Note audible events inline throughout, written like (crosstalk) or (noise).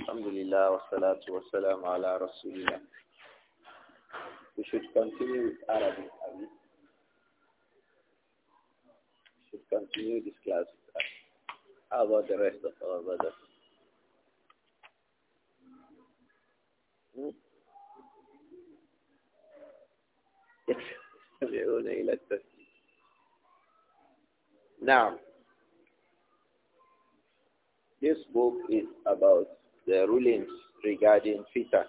الحمد لله والصلاة والسلام على رسول الله We should continue with Arabic, We should continue this class How about the rest of our brothers? يتبعون إلى التسليم Now, this book is about the rulings regarding fitan.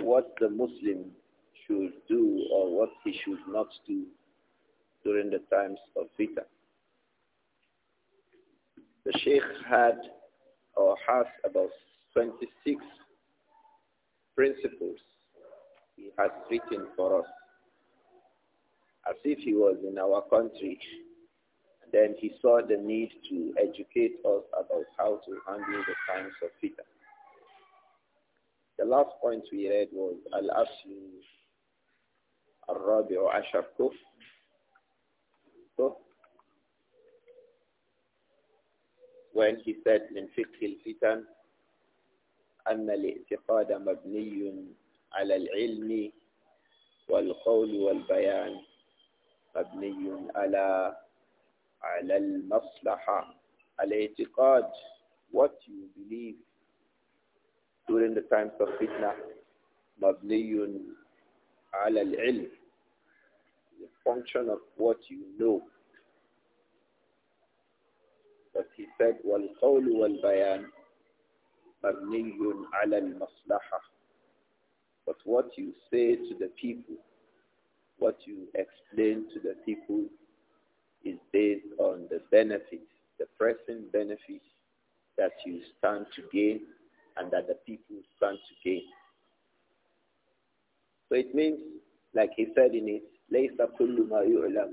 What the Muslim should do or what he should not do during the times of fitan. The Sheikh had or has about 26 principles he has written for us as if he was in our country. Then he saw the need to educate us about how to handle the times of Peter. The last point we read was al Asim Al-Rabi or Ashar Kuf. So, when he said in Fiqh al-Fitan, أن الاعتقاد مبني على العلم والقول والبيان مبني على على المصلحة الاعتقاد what you believe during the times of fitna مبني على العلم the function of what you know but he said والقول والبيان مبني على المصلحة but what you say to the people what you explain to the people is based on the benefits, the pressing benefits that you stand to gain and that the people stand to gain. So it means, like he said in it, Because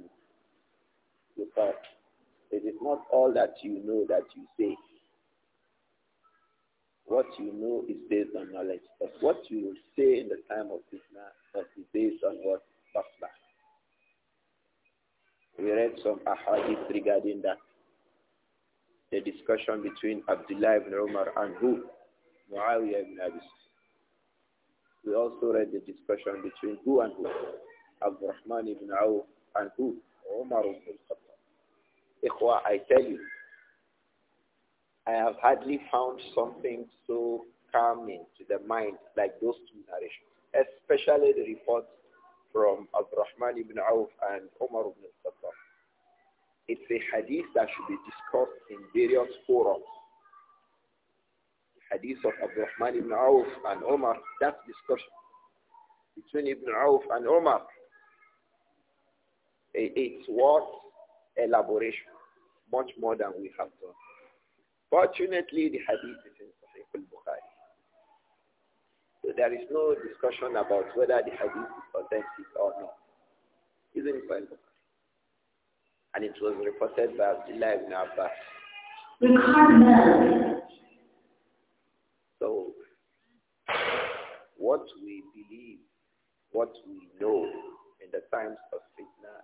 it is not all that you know that you say. What you know is based on knowledge. But what you say in the time of Fitna must be based on what tasbah. We read some ahadith regarding that. The discussion between Abdullah ibn Umar and who? Muawiyah ibn Abi We also read the discussion between who and who? Rahman ibn Awf and who? Umar ibn Khattab. Ikhwa, I tell you, I have hardly found something so calming to the mind like those two narrations, especially the reports from Abdurrahman ibn Auf and Omar ibn al-Khattab. It's a hadith that should be discussed in various forums. The hadith of Abdurrahman ibn Auf and Omar, that discussion between Ibn Auf and Omar, eh, it's worth elaboration, much more than we have done. Fortunately, the hadith is so there is no discussion about whether the hadith is authentic or not. Even for Bukhari. And it was reported by Abdullah ibn Abbas. So what we believe, what we know in the times of fitna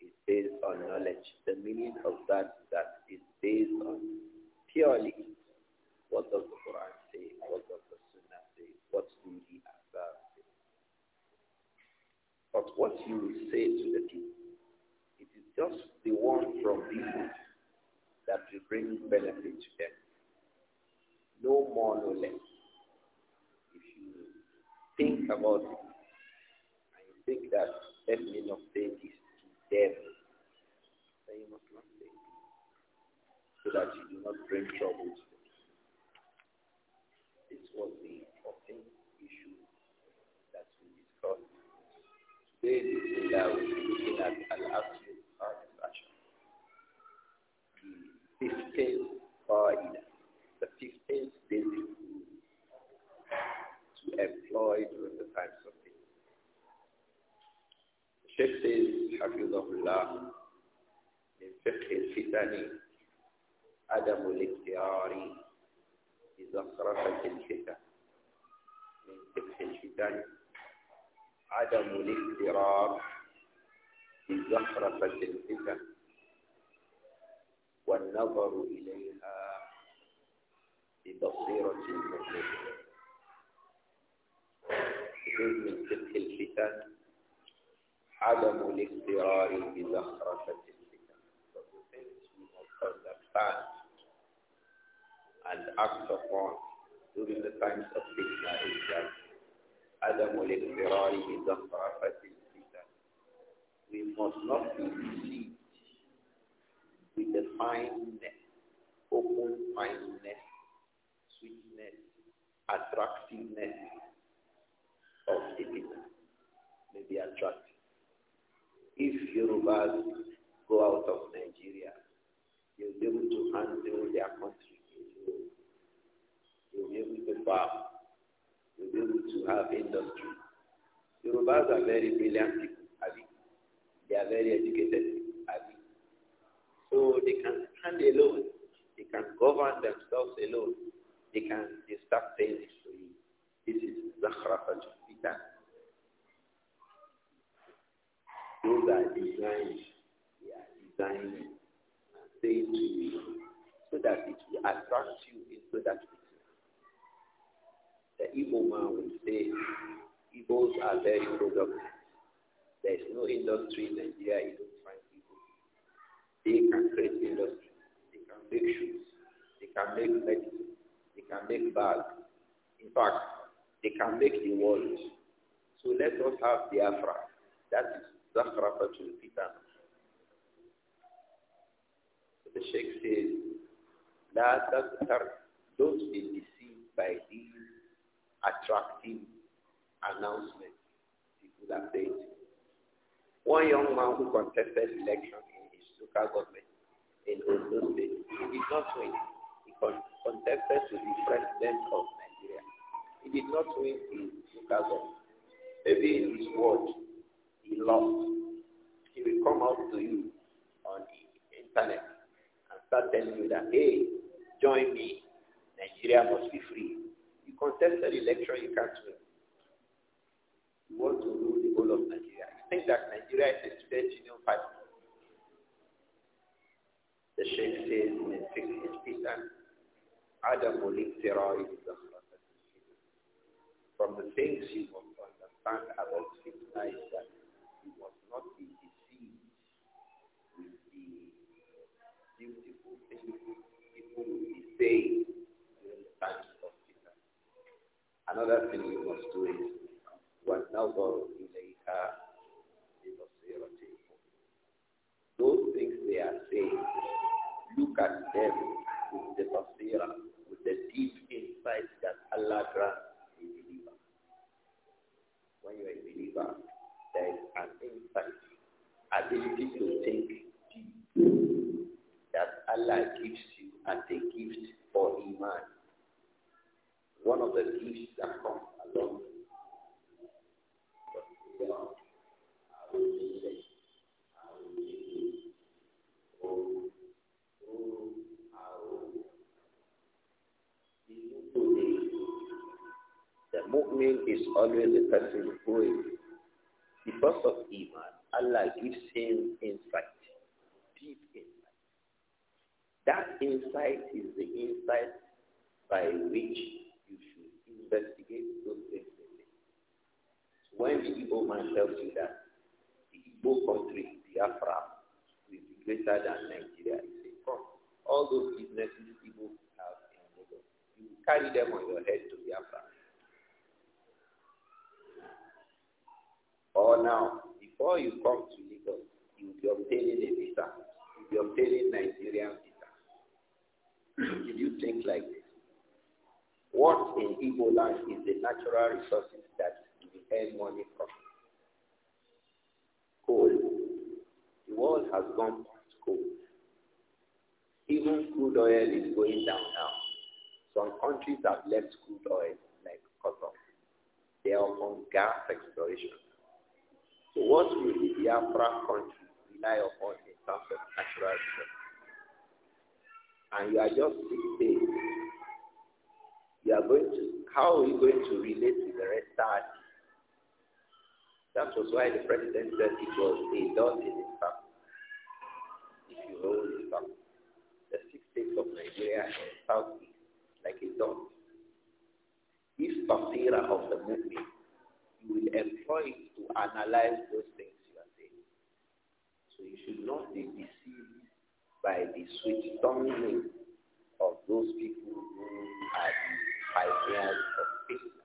is based on knowledge. The meaning of that that is based on purely what does the Quran say, what does but what you will say to the king, it is just the one from you that will bring benefit to them. No more, no less. If you think about it, and you think that, let me not say this to them, then you must not say it, so that you do not bring trouble say Bismillah, we'll The 15th Qaida, the 15th rule to employ during the times of peace. The Sheikh says, Hafizahullah, من فقه الفتن عدم الاختيار إذا صرفت الفتن من فقه الفتن عدم الاغترار بزخرفة الفتن والنظر إليها ببصيرة المؤمن من فقه الفتن عدم الاغترار بزخرفة الفتن understand and act upon during the times of fitna is that عدم الاضطرار بزخرفة الفتن. We must not be deceived with the fineness, open mindedness, sweetness, attractiveness of the people. May be attractive. If Yorubas go out of Nigeria, you'll be able to handle their country. You'll be able to farm to be able to have industry. Yorubas are very brilliant people, They are very educated, people. So they can stand alone. They can govern themselves alone. They can start things to you. This is Zakhrafat Fitan. Those are designed, they are designed and saying to you so that it will attract you So that the Igbo man will say, Igbos are very productive. There is no industry in Nigeria you don't find people. They can create industry. They can make shoes. They can make medicine. They can make bags. In fact, they can make the world. So let us have the Afra. That is Zafrafatul Fitan. The Sheikh says, La Don't be deceived by these attractive announcement, people are saying. One young man who contested election in his local government in Ondo State, he did not win. He contested to be president of Nigeria. He did not win in local government. Maybe in his ward, he lost. He will come out to you on the internet and start telling you that, hey, join me. Nigeria must be free contested election, you can't win. You want to rule the whole of Nigeria. You think that Nigeria is a student union party. The Sheikh says, من فكر الفتن عدم الاقتراع From the things you must understand about fitna is that you must not be deceived with the beautiful things people will be saying Another thing you must do is وَنَظَرُ إِلَيْهَا بِبَصِيرَتِهِمْ Those things they are saying, look at them with the basira, with the deep insight that Allah grants you. believer. When you are a believer, there is an insight, ability to think deep that Allah gives you as a gift for Iman one of the gifts that comes along oh, oh, The movement is always a person who is, because of Iman, Allah gives him insight, deep insight. That insight is the insight by which investigate those things. when the Igbo man tells you that the Igbo country, Biafra, will be greater than Nigeria, it's a All those businesses Igbo have in Lagos, you carry them on your head to Biafra. Or now, before you come to Lagos, you'll be obtaining a visa. You'll be obtaining Nigerian visa. if you think like this, what in Igbo land is the natural resources that we earn money from? Coal. The world has gone past coal. Even crude oil is going down now. Some countries have left crude oil, like Qatar. They are on gas exploration. So what will the Biafra country rely upon in terms of natural resources? And you are just six days you are going to, how are you going to relate to the rest of That was why the president said it was a dot in Islam. If you hold Islam, the six states of Nigeria and South East, like a dot. If Tafira of the movement, you will employ it to analyze those things you are saying. So you should not be deceived by the sweet tumbling of those people who are ideas of fitna.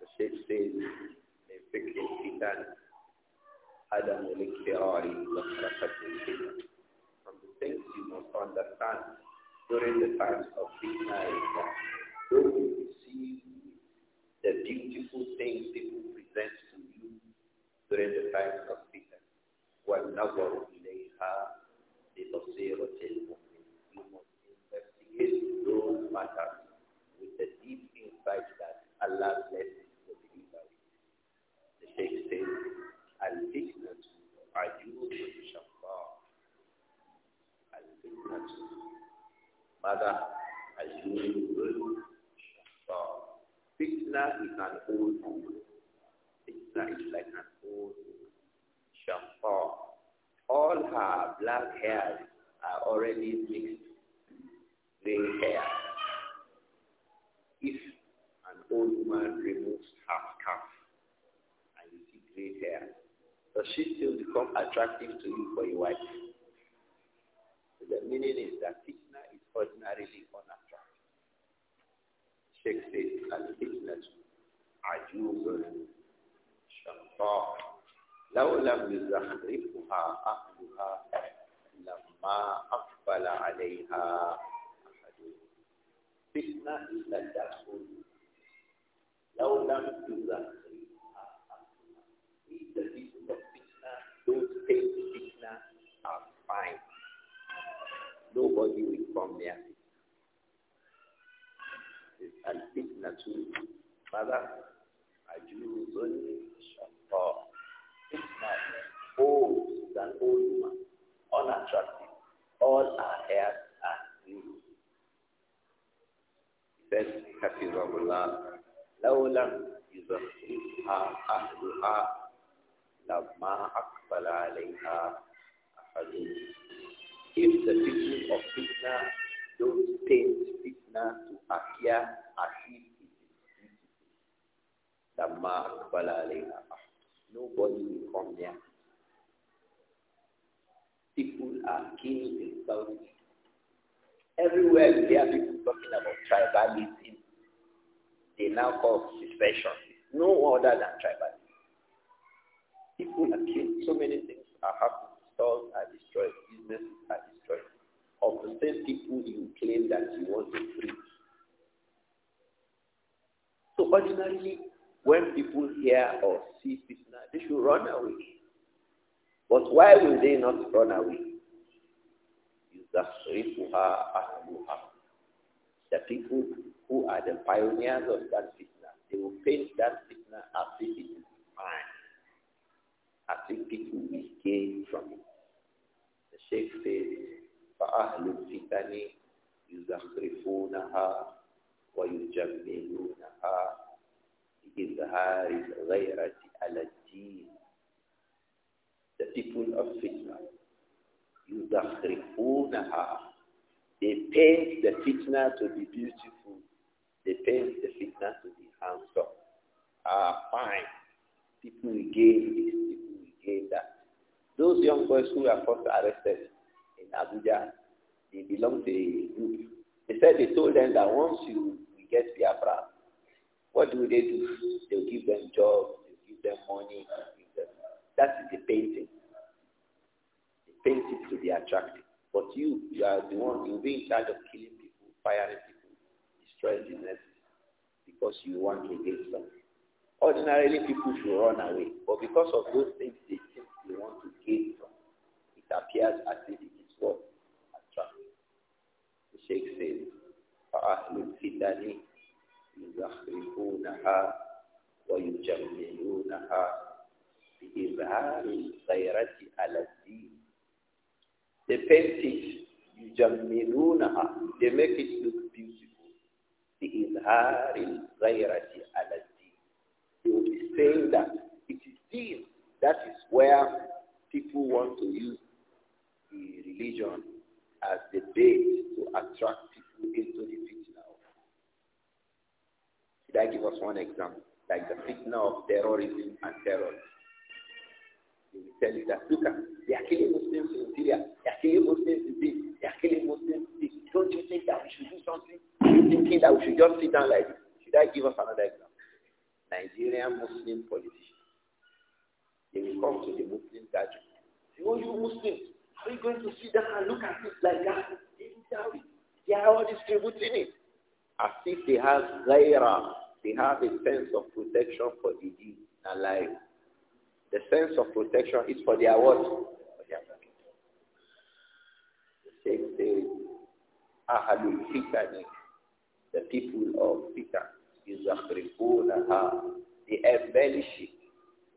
The Sheikh says, in fiqh fitan, Adam al-Iktirari the Sharakat al-Fitna. From the things you must understand during the times of fitna is that though you see the beautiful things people present to you during the times of they fitna, وَالنَّظَرُ إِلَيْهَا بِبَصِيرَةِ الْمُؤْمِنِ You must investigate those matters despite that Allah blesses the believer. The Sheikh says, Al-Fitnat Al Shafa. Al-Fitnat Mother Al Shafa. Fitna is an old woman. Fitna is like an old woman. Shafa. All her black hairs are already mixed. Grey hair old woman removes her scarf and you see gray hair, does she still become attractive to you for your wife? the meaning is that fitna is ordinarily unattractive. Sheikh and al-fitna ajubun shantar. لو لم يزخرفها أهلها لما أقبل عليها أحد. Fitna is like that whole Tell them to do that. We, the of Krishna, those paid Krishna are fine. Nobody will come near it. And Krishna too. Father, Ajuzun Shanta. Krishna is old, is an old woman, unattractive. All our hairs are new. He Happy Ramallah. لو لم يزخرفها أهلها لما أقبل عليها أحد If the people of Fitna don't paint Fitna to appear as if it is beautiful, لما أقبل عليها أحد Nobody will come near. People are killed in Saudi. Everywhere we are people talking about tribalism, they now call suspension. no other than tribalism. People are killed. So many things are happening. Stores are destroyed. Businesses are destroyed. Of the same people you claim that you want to free. So ordinarily, when people hear or see fitna, they should run away. But why will they not run away? The people who are the pioneers of that fitna, they will paint that fitna as if it is fine, as if people will gain from it. The Sheikh says, فَأَهْلُ الْفِتَنِ يُزَخْرِفُونَهَا وَيُجَمِّلُونَهَا بِإِظْهَارِ الْغَيْرَةِ عَلَى الدِّينِ The people of fitna, يُزَخْرِفُونَهَا They paint the fitna to be beautiful they the fitness to be hands up. Ah, fine. People will gain this, people will gain that. Those young boys who were first arrested in Abuja, they belong to a group. They said they told them that once you get Biafra, what do they do? They'll give them jobs, they'll give them money. Give them. That is the painting. They painting it to be attractive. But you, you are the one, you'll be in charge of killing people, firing people destroy the nest because you want to get something. Ordinarily, people should run away, but because of those things they think they want to gain from, it appears as if it is what attractive. The Sheikh says, فَأَهْلُ الْفِتَنِ يُزَخْرِفُونَهَا وَيُجَمِّلُونَهَا بِإِظْهَارِ الْغَيْرَةِ عَلَى الدِّينِ They paint it, يُجَمِّلُونَهَا They make it look beautiful. بإظهار الغيرة على الدين. You will be saying that it is deen. That is where people want to use the religion as the bait to attract people into the fitna. Did I give us one example? Like the fitna of terrorism and terror. They will tell you that, look, they are killing Muslims in Syria, they are killing Muslims in this, they are killing Muslims don't you think that we should do something? Are you thinking that we should just sit down like this? Should I give us another example? Nigerian Muslim politicians. They will come to the Muslim gathering. Say, oh, you Muslims, are you going to sit down and look at it like that? They are all distributing it. As if they have ghaira. They have a sense of protection for the deen and life. The sense of protection is for their what? For their pocket. The Sheikh ahalul fitani, the people of fitan, yuzakhrifunaha, they embellish it,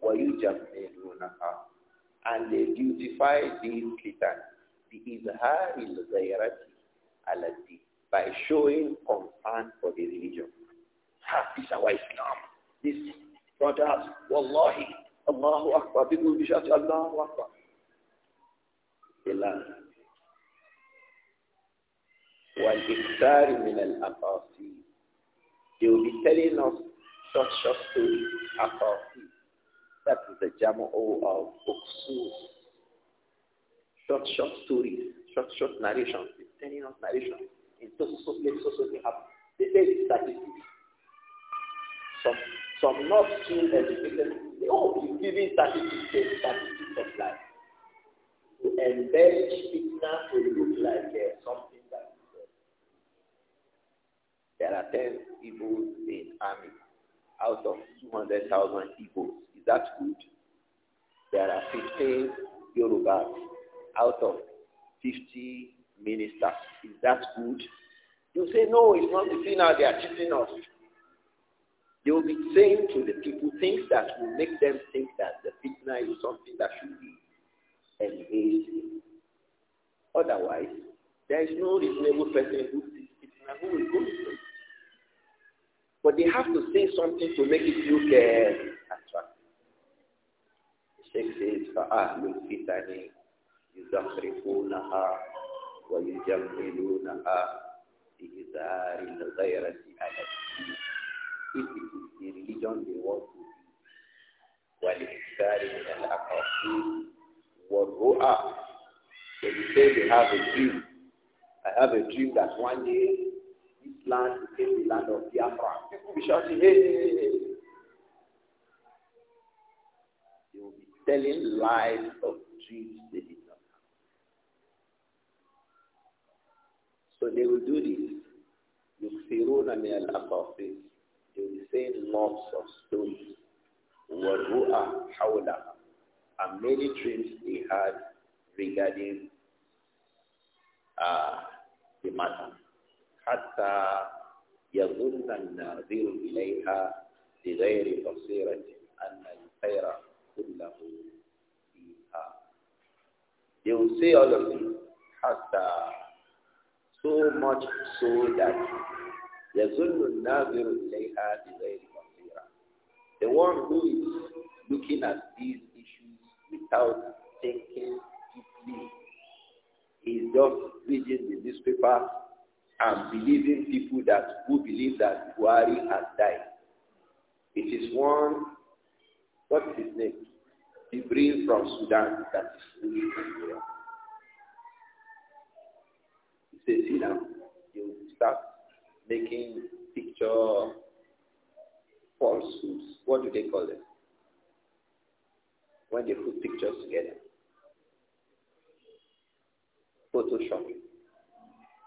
wa yujammilunaha, and they beautify these fitan, the izharil ghayrati ala by showing concern for the religion. Ha, this is our Islam. This brothers, wallahi, Allahu Akbar, people will be shouting, Allahu Akbar. They learn. وَالْإِكْثَارِ مِنَ الْأَقَاصِيرِ They will be telling us short short stories, أقاصير. That is the jamo of Uksur. Short, short stories, short, short narrations. It's telling us narrations. In so, so, so, so, so, they have, they say statistics. Some, some not too educated, they all be giving statistics, statistics of life. To embellish fitna to look like uh, something there are 10 people in army out of 200,000 people. Is that good? There are 15 Yorubas out of 50 ministers. Is that good? You say, no, it's not the thing now they are cheating us. They will be saying to the people things that will make them think that the fitna is something that should be engaged in. Otherwise, there is no reasonable person who sees fitna who will go to but they have to say something to make it look uh, attractive. Sheikh says, فَأَهْلُ الْفِتَنِ يُزَخْرِفُونَهَا وَيُجَمِّلُونَهَا بِإِذَارِ الْغَيْرَةِ عَلَى الدِّينِ If it is the religion they want to be, when it's وَالْإِكْتَارِ مِنَ الْأَقْرَفِينَ وَالرُّؤَى So you say they have a dream. I have a dream that one day land in the land of Biafra. We shall say, hey, hey, hey. They will be telling lies of dreams they did not have. So they will do this. يكثرون من الأقاصير They will be saying lots of stories. وَالرُّؤَى حَوْلَهَا And many dreams they had regarding uh, the matter. حتى يظن الناظر إليها بصيرة أن الخير كله فيها. They will see all of this حتى so much so that يظن الناظر إليها بغير بصيرة. The one who is looking at these issues without thinking deeply, is just reading the newspaper and believing people that who believe that Buhari has died. It is one, what is his name? brings from Sudan that is ruling Nigeria. He says, see now, you start making picture falsehoods. What do they call them? When they put pictures together. Photoshop.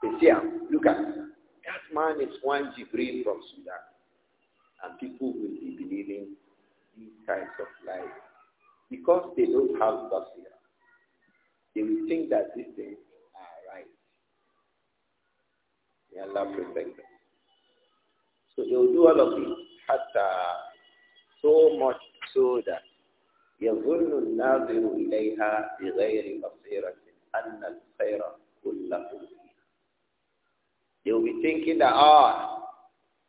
They ah, look at that man is one Jibril from Sudan. And people will be believing these kinds of lies because they don't have basira. They will think that these things are right. May Allah protect them. So they will do all of it. Hatta so much so that يظن الناظر إليها بغير بصيرة أن الخير كله they will be thinking that, ah,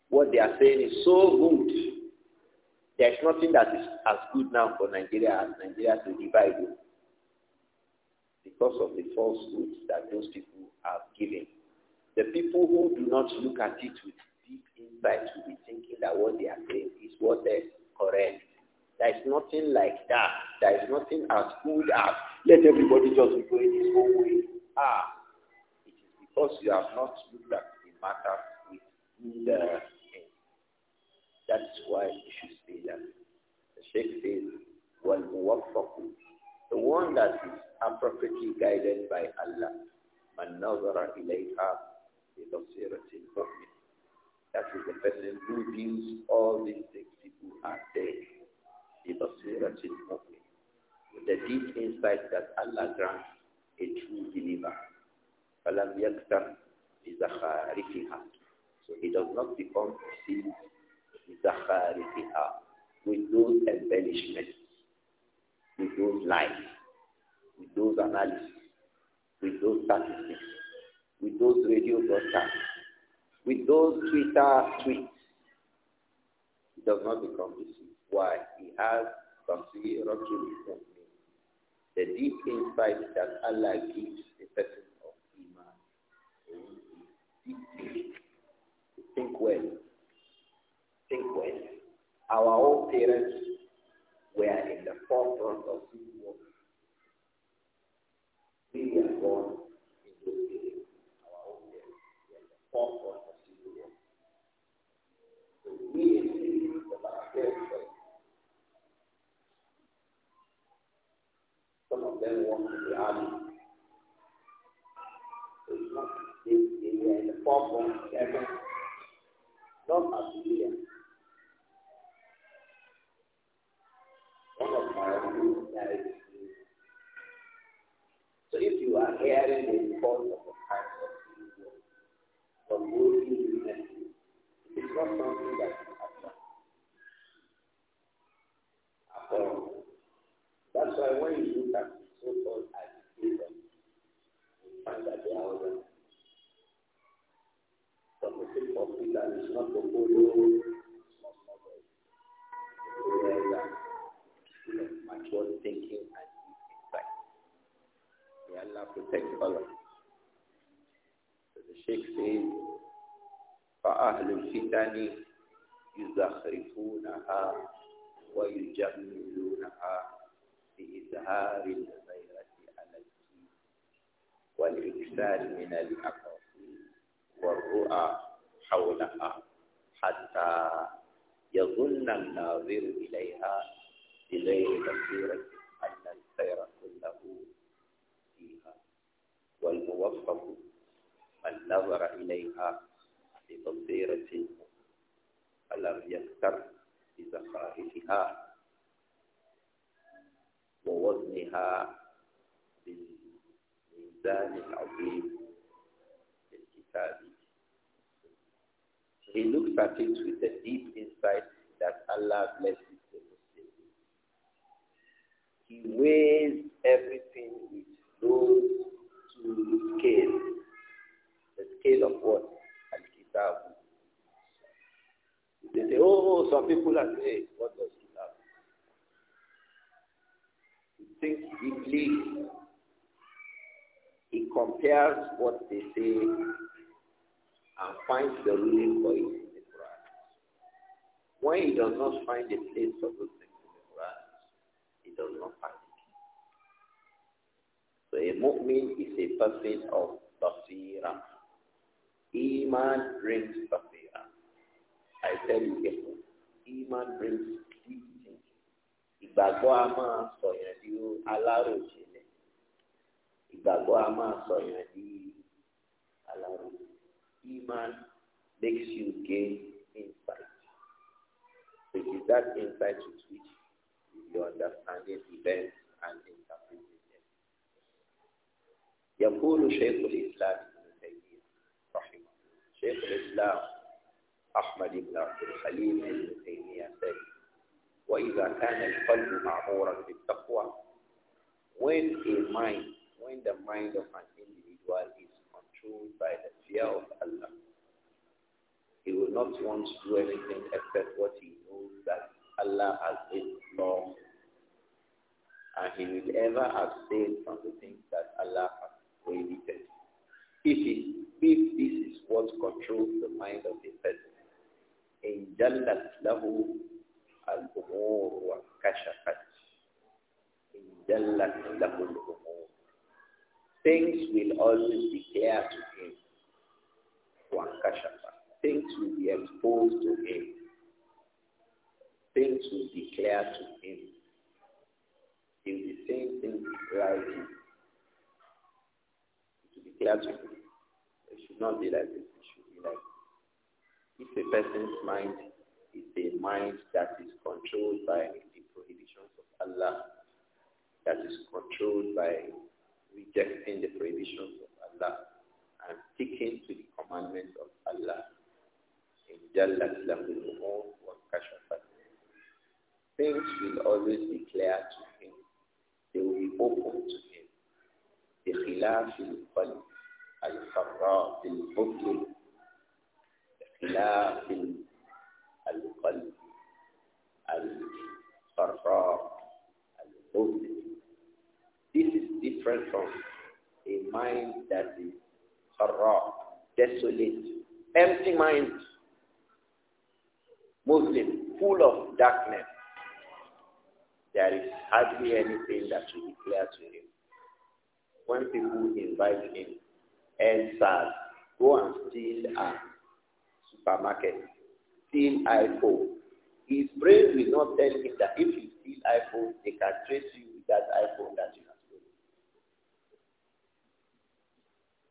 what they are saying is so good. There's nothing that is as good now for Nigeria as Nigeria to divide you because of the falsehoods that those people have given. The people who do not look at it with deep insight will be thinking that what they are saying is what is correct. There is nothing like that. There is nothing as good as let everybody just be going his own way. Ah, because you have not looked at the matter with either end. That is why you should say that. The Sheikh says, well, good, the one that is appropriately guided by Allah, man nazara ilayha bi mu'min. That is the person who views all these things people are dead. Bi mu'min. With the deep insight that Allah grants a true believer. فَلَمْ بِزَخَارِفِهَا So he does not become deceived بِزَخَارِفِهَا with those embellishments, with those lies, with those analyses, with those statistics, with those radio broadcasts, with those Twitter tweets. He does not become deceived. Why? He has considered the deep insight that Allah gives a person Think well. Think well. Our own parents were in the forefront of this war. We were born in those days. Our own parents were in the forefront of this war. So we experienced our parents. Some of them want to be army. So it's not they in the form of not as clear. One of my own So if you are hearing the of the of from those who it is not something that is happening. After all, that's why when you الإسلام تقول mature thinking and insight. May الْفِتَنِ يُزَخْرِفُونَهَا وَيُجَمِّلُونَهَا بِإِظْهَارِ الْغَيْرَةِ عَلَى الدِّينِ وَالْإِكْثَارِ مِنَ الْأَقَاصِيرِ وَالرُّؤَى حولها حتى يظن الناظر إليها بغير بصيرة أن الخير كله فيها والموفق من نظر إليها ببصيرة فلم يكثر بزخارفها ووزنها بالميزان العظيم في الكتاب he looks at it with a deep insight that Allah blesses the Muslim. He weighs everything with those two scales. The scale of what? Al-Kitab. They say, oh, oh some people are saying, what does have." He thinks deeply. He compares what they say and finds the ruling for it in the Quran. When he does not find the place of those things in the Quran, he does not find it. So a mu'min is a person of basira. Iman brings basira. I tell you again, Iman brings deep thinking. Ìgbàgbọ́ a máa sọ̀yàn di aláròjinlẹ̀. Ìgbàgbọ́ a máa sọ̀yàn di aláròjinlẹ̀. Iman makes you gain insight. It is that insight with which you understand events and interpret them. يقول شيخ الإسلام ابن تيمية رحمه شيخ الإسلام أحمد بن عبد الحليم ابن تيمية وإذا كان القلب معمورا بالتقوى when a mind when the mind of an individual is controlled by the fear of will not want to do anything except what he knows that Allah has made law. And he will ever abstain from the things that Allah has prohibited. If, he, if this is what controls the mind of the person, in jallat lahu al-umur wa kashafat. In jallat lahu al-umur. Things will always be clear to him. Wa kashafat things will be exposed to him. Things will be clear to him. In the same thing, things It will be clear to him. It should not be like this. It should be like this. If a person's mind is a mind that is controlled by the prohibitions of Allah, that is controlled by rejecting the prohibitions of Allah and sticking to the commandments of Allah. جلت له الأمور وانكشفت Things will always be clear to him. They will be open to him. بخلاف القلب الفراء في البطن بخلاف القلب الفراء البطن This is different from a mind that is harra, desolate, empty mind. Muslim, full of darkness. There is hardly anything that will be clear to him. When people invite him, says, go and steal a supermarket, steal iPhone. His brain will not tell him that if you steal iPhone, they can trace you with that iPhone that you have stolen.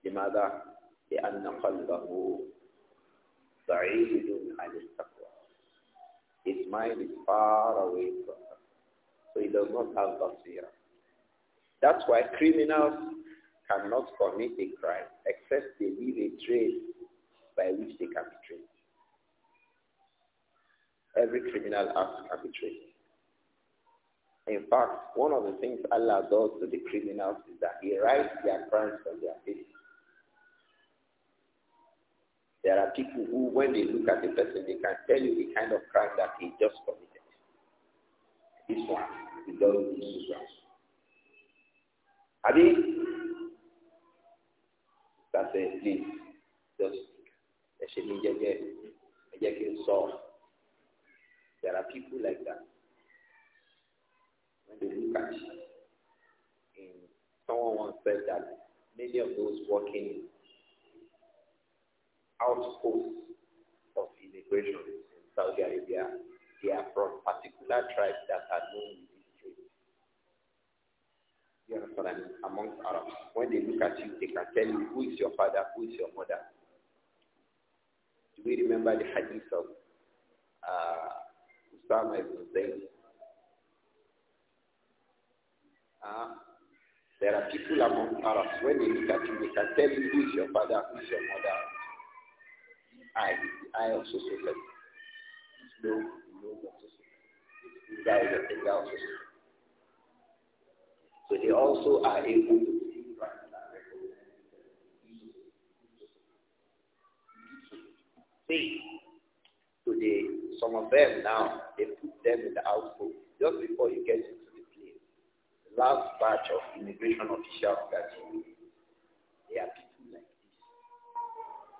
لماذا؟ لأن قلبه بعيد عن التقوى. His mind is far away from her. So he does not have basira. That's why criminals cannot commit a crime except they leave a trace by which they can be traced. Every criminal act can be traced. In fact, one of the things Allah does to the criminals is that He writes their crimes on their faces. There are people who, when they look at a person, they can tell you the kind of crime that he just committed. This one, he does this, this Abi, that's a please, just there are people like that when they look at you someone once said that many of those working outposts of immigration in Saudi Arabia. They are from particular tribes that are known in this trade. You understand? I mean? Amongst Arabs, when they look at you, they can tell you who is your father, who is your mother. Do we remember the hadith of uh, Usama ibn Zayd? Uh, there are people among Arabs, when they look at you, they can tell you who is your father, who is your mother, I I also say that no no motorcycle. also So they also are able to see right today some of them now they put them in the output just before you get into the plane. last batch of immigration officials that you they are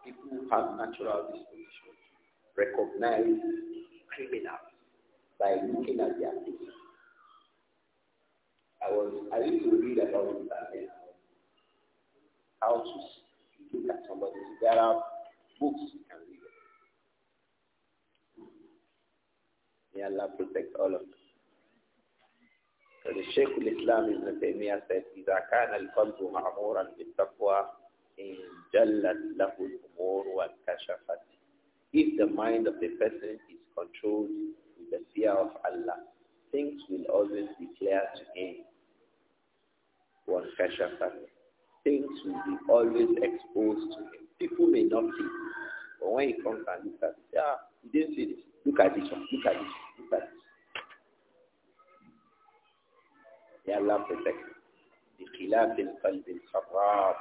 people who have natural disposition recognize criminals by looking at their face. I was I used to read about it um, how to look at somebody. There are books you can read. May Allah protect all of us. So the Shaykh al-Islam Ibn Taymiyyah said, إذا كان القلب معمورا بالتقوى in jallat lahu al-umur wa kashafat. If the mind of the person is controlled with the fear of Allah, things will always be clear to him. Wa kashafat. Things will be always exposed to him. People may not see, but when he comes and looks at, it, yeah, he didn't see this. Look at this one. Look at this. Look at this. May Allah protect. بخلاف القلب الخراب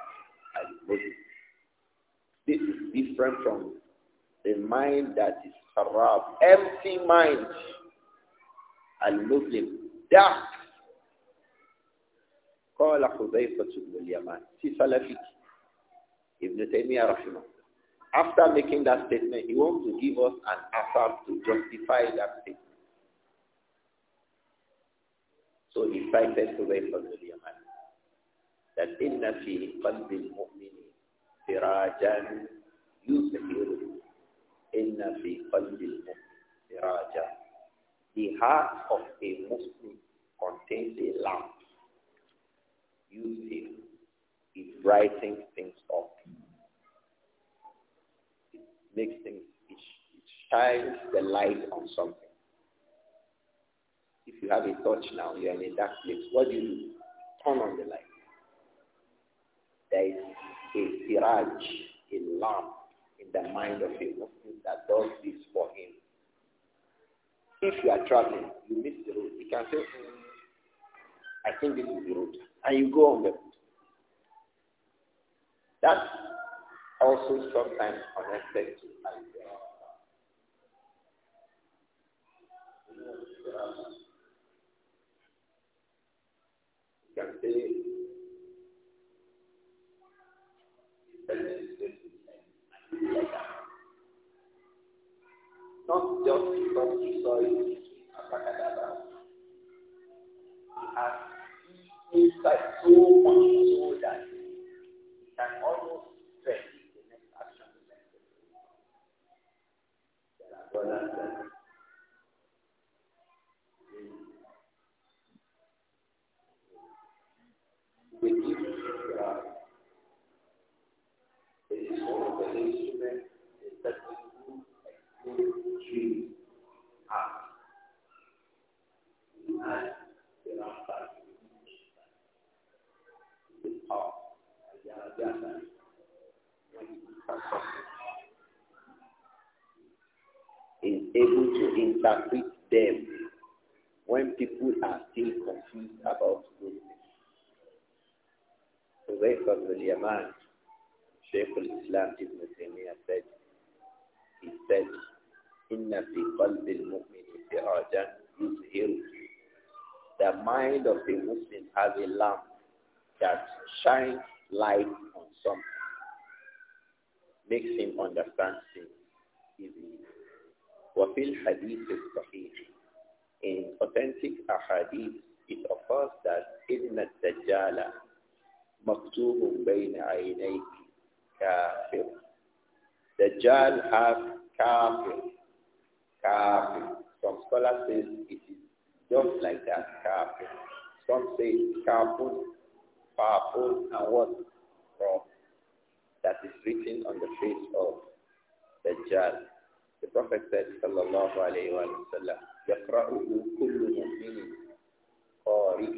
this is different from a mind that is corrupt, empty mind, and muslim dark. قال حذيفة بن اليمان في سلفك ابن تيمية رحمه After making that statement, he wants to give us an effort to justify that statement. So he cited Hudayfa bin inna fi mumini inna fi mumini the heart of a Muslim contains a lamp yuzhiru it brightens things up it makes things it, it shines the light on something if you have a torch now, you're in a dark place, what do you do? Turn on the light there is a siraj, a lamp in the mind of a Muslim that does this for him. If you are traveling, you miss the road. You can say, hmm, I think this is the road. And you go on the road. That also sometimes connected to can say, Not just because he saw it He has inside so much so that he can almost predict the next action. There are brothers In Is able to interpret them when people are still confused about those things. Huzaifa the Yaman, Shaykh al-Islam Ibn Taymiyyah said, he said, إن في قلب المؤمن سراجا يظهر The mind of the Muslim has a lamp that shines light on something, makes him understand things easily. وفي الحديث الصحيح In authentic ahadith, it occurs that إن الدجال مكتوب بين عينيك كافر Dajjal has kafir kafir. Some scholars say it is just like that, kafir. Some say kafir, powerful, and what? From that is written on the face of the Dajjal. The Prophet said, sallallahu alayhi wa sallam, يَقْرَأُهُ كُلُّ مُؤْمِنٍ قَارِئٍ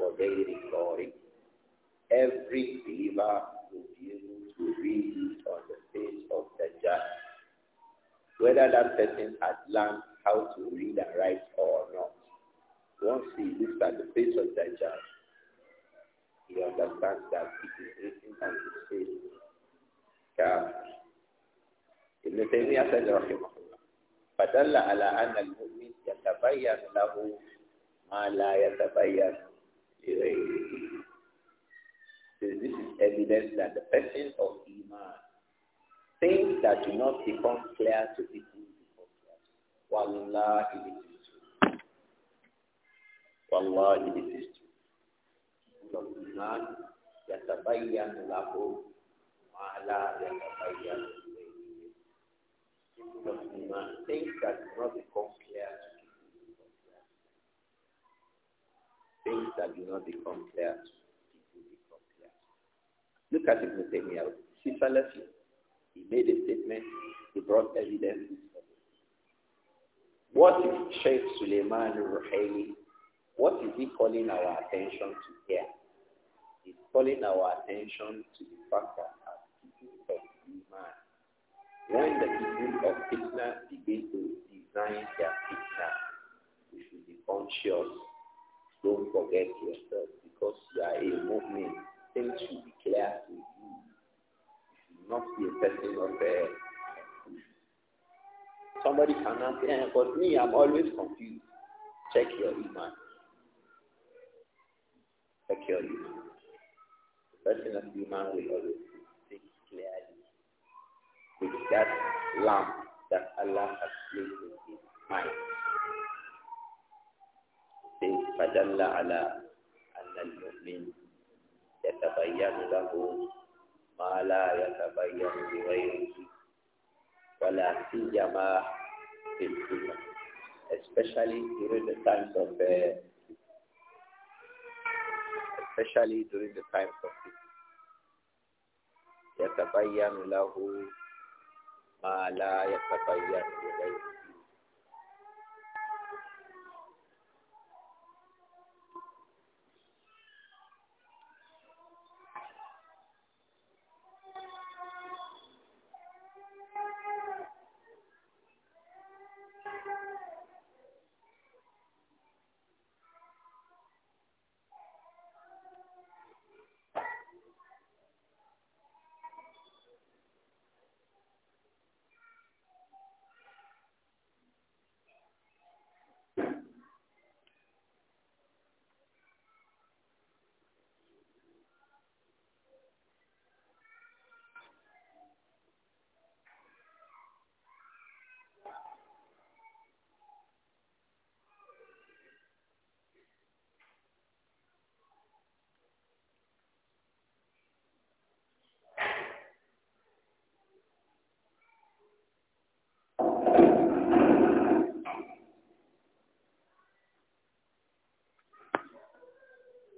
وَغَيْرِ قَارِئٍ Every believer will be able to read on the face of the judge whether that person has learned how to read and write or not. Once he looks at the face of that child, he understands that it is written on his face. Kafir. Ibn Taymiyyah said, Rahimahullah, فَدَلَّ عَلَىٰ أَنَّ الْمُؤْمِنِ يَتَبَيَّنْ لَهُ مَا لَا يَتَبَيَّنْ لِغَيْرِهِ this is evidence that the person of Iman Things that do not become clear to people become clear. Wallah, it is true. Wallah, it is true. Iman yatabayyan lahu ma la yatabayyan People things that do not become clear to Things that do not become clear to people become clear. Look at Ibn Taymiyyah. He's a lesson. He made a statement. He brought evidence. What is Sheikh Suleiman Ruhaili? What is he calling our attention to here? He's calling our attention to the fact that as people of Iman, when the people of Fitna begin to design their Fitna, you should be conscious. Don't forget yourself because you are a movement. Things should be clear to you not be a person of uh, somebody can ask, eh, but me, I'm always confused. Check your iman. Check your iman. The person of iman will always think clearly with that lamp that Allah has placed in his mind. Says, فدل على أن المؤمن يتبين له ما لا يتبين بغيره ولا سيما في الدنيا especially during the times of uh, especially during the times of يتبين له ما لا يتبين بغيره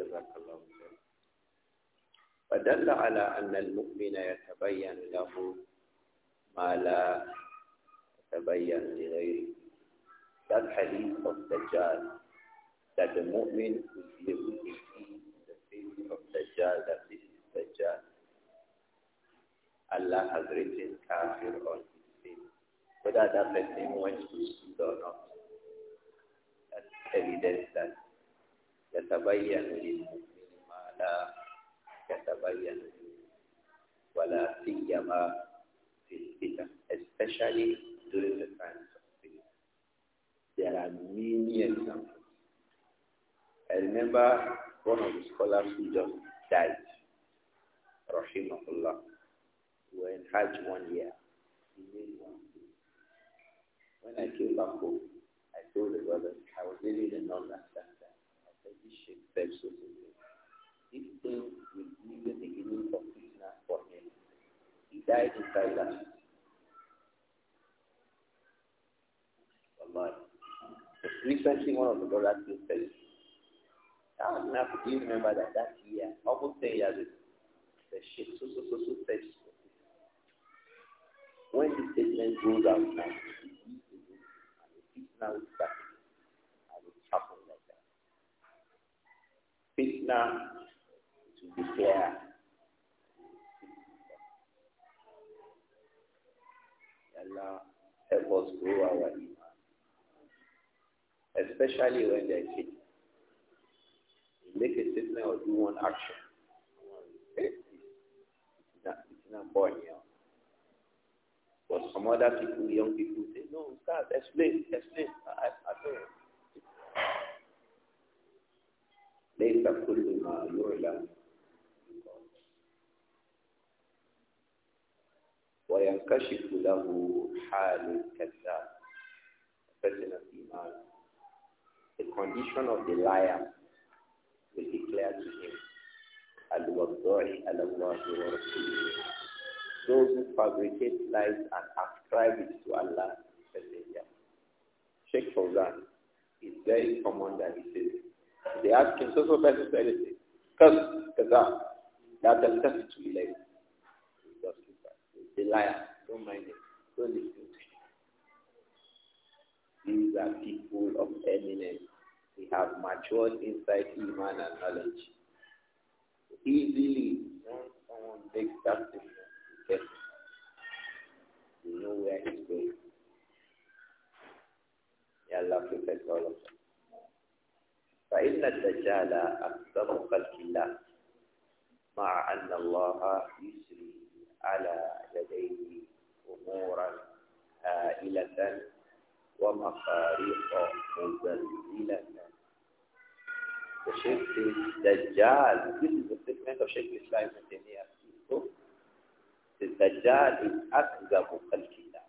جزاك الله خيرا فدل على أن المؤمن يتبين له ما لا يتبين لغيره That hadith of Dajjal, that the mu'min will be in the face of Dajjal, that this is Dajjal. Allah has written kafir on his face. Whether that person went to Sudan or not, that's evidence that يتبين ما لا يتبين ولا سيما في الفتن especially during the times of peace. There are many examples. I remember one of the scholars who just died, Rahimahullah, we were in Hajj one year. When I came back home, I told the brothers I was living in London relationship very suitably. This thing will give you the healing of fitness for him. He died in Thailand. Recently, one of the brothers said, I don't have to do remember that that year, almost 10 years ago, the ship so, so, so, so said, when the statement goes out now, and the fitna to declare. Allah help us grow our iman, especially when they fitna. You make a fitna or do one action. It's not, it's not born here. But some other people, young people, say, no, start, explain, explain. ليس كل ما يعلم وينكشف له حال الكذاب person of iman the condition of the liar will declare to him al those who fabricate lies and ascribe it to Allah Sheikh Fawzan it's very common that he says they ask him, so so person said it. Curse, kazam. That will test it to be that. the liar. Don't mind it. Don't listen to him. These are people of eminence. They have matured inside human and knowledge. Easily, once someone makes that statement, get you know where he's going. May Allah protect all of them. فإن الدجال أكثر خلق الله مع أن الله يسري على يديه أمورا هائلة ومخاريق مزلزلة وشيخ الدجال this is the statement of Sheikh Islam Ibn the Dajjal is أكذب خلق الله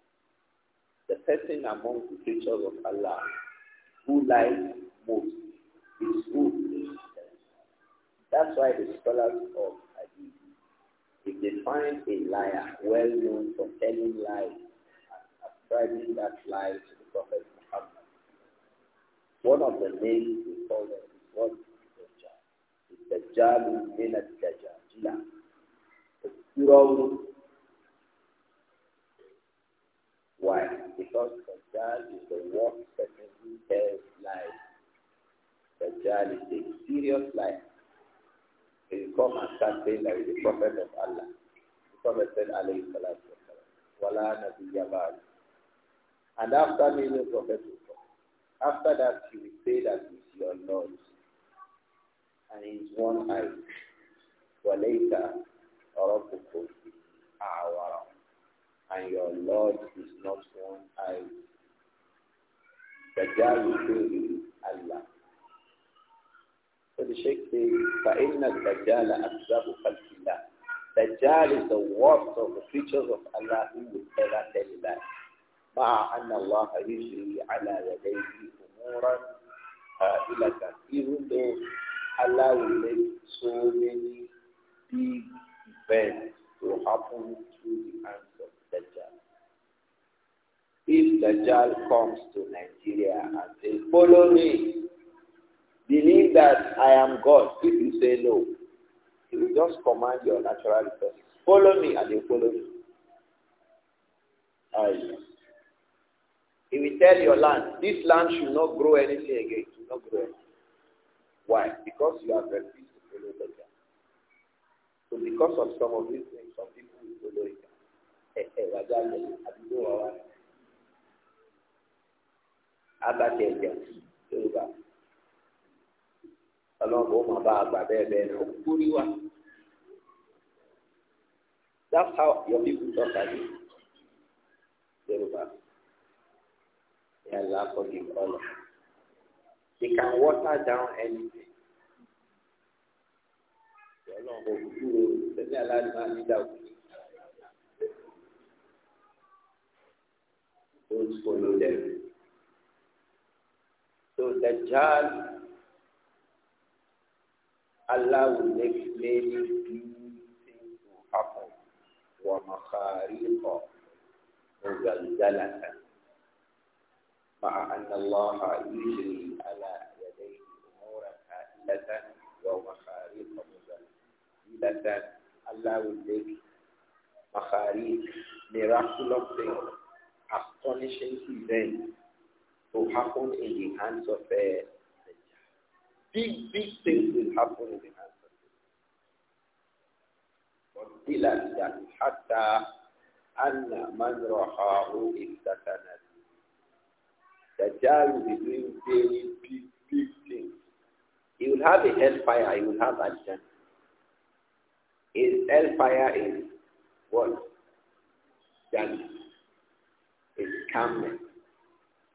the person among the creatures of Allah who lies most That's why the scholars of Hadith, if they find a liar well known for telling lies and ascribing that lie to the Prophet Muhammad, one of the names they call them is what? Dajjal. It's Dajjal min al-Dajjal. It's why? Because Dajjal is the worst person who tells lies the Dajjal is a serious life. He will come and start saying that he's a prophet of Allah. The prophet said, alayhi salatu wala nabiyya ba'd. And after me, no prophet will come. After that, he will say that he's your Lord. And in his one eye, وَلَيْكَ رَبُّكُمْ أَعْوَرَ And your Lord is not one eye. The jah will say, Allah. So فَإِنَّ الدَّجَّالَ أَكْذَبُ خَلْقِ اللَّهِ Dajjal is the worst of the creatures of Allah who will ever tell a مع أن الله يجري على يديه أمورا هائلة even though Allah will make so many big events to happen through the hands of Dajjal. If Dajjal comes to Nigeria and says, follow me, Believe that I am God. If you say no, you will just command your natural resources. Follow me and you follow me. He will tell your land, this land should not grow anything again. It should not grow anything. Why? Because you have refused to follow the God. So because of some of these things, some people will follow it. Eh, eh, Abate ẹ̀jẹ̀ ọlọ́run ó máa bá a gbà bẹ́ẹ̀ bẹ́ẹ̀ náà kúkú wa. that's how your people talk at you Yoruba may Allah forgive all of us they can water down anything ọlọ́run kò kúkú ro sẹ́ni aláàdì máa ní dàgbù. Don't follow them. So the child Allah will make many things to happen. ومخاريق مزلزلة مع أن الله يجري على يديه أمورا هائلة ومخاريق مزلزلة Allah will things astonishing to happen in the hands of a. Uh, Big, big things will happen in the hands of people. But still at that, حتى أن من رحاه استثنت. Dajjal will be doing very big, big things. He will have a hellfire, he will have a jannah His hellfire is what? Jannah. His coming,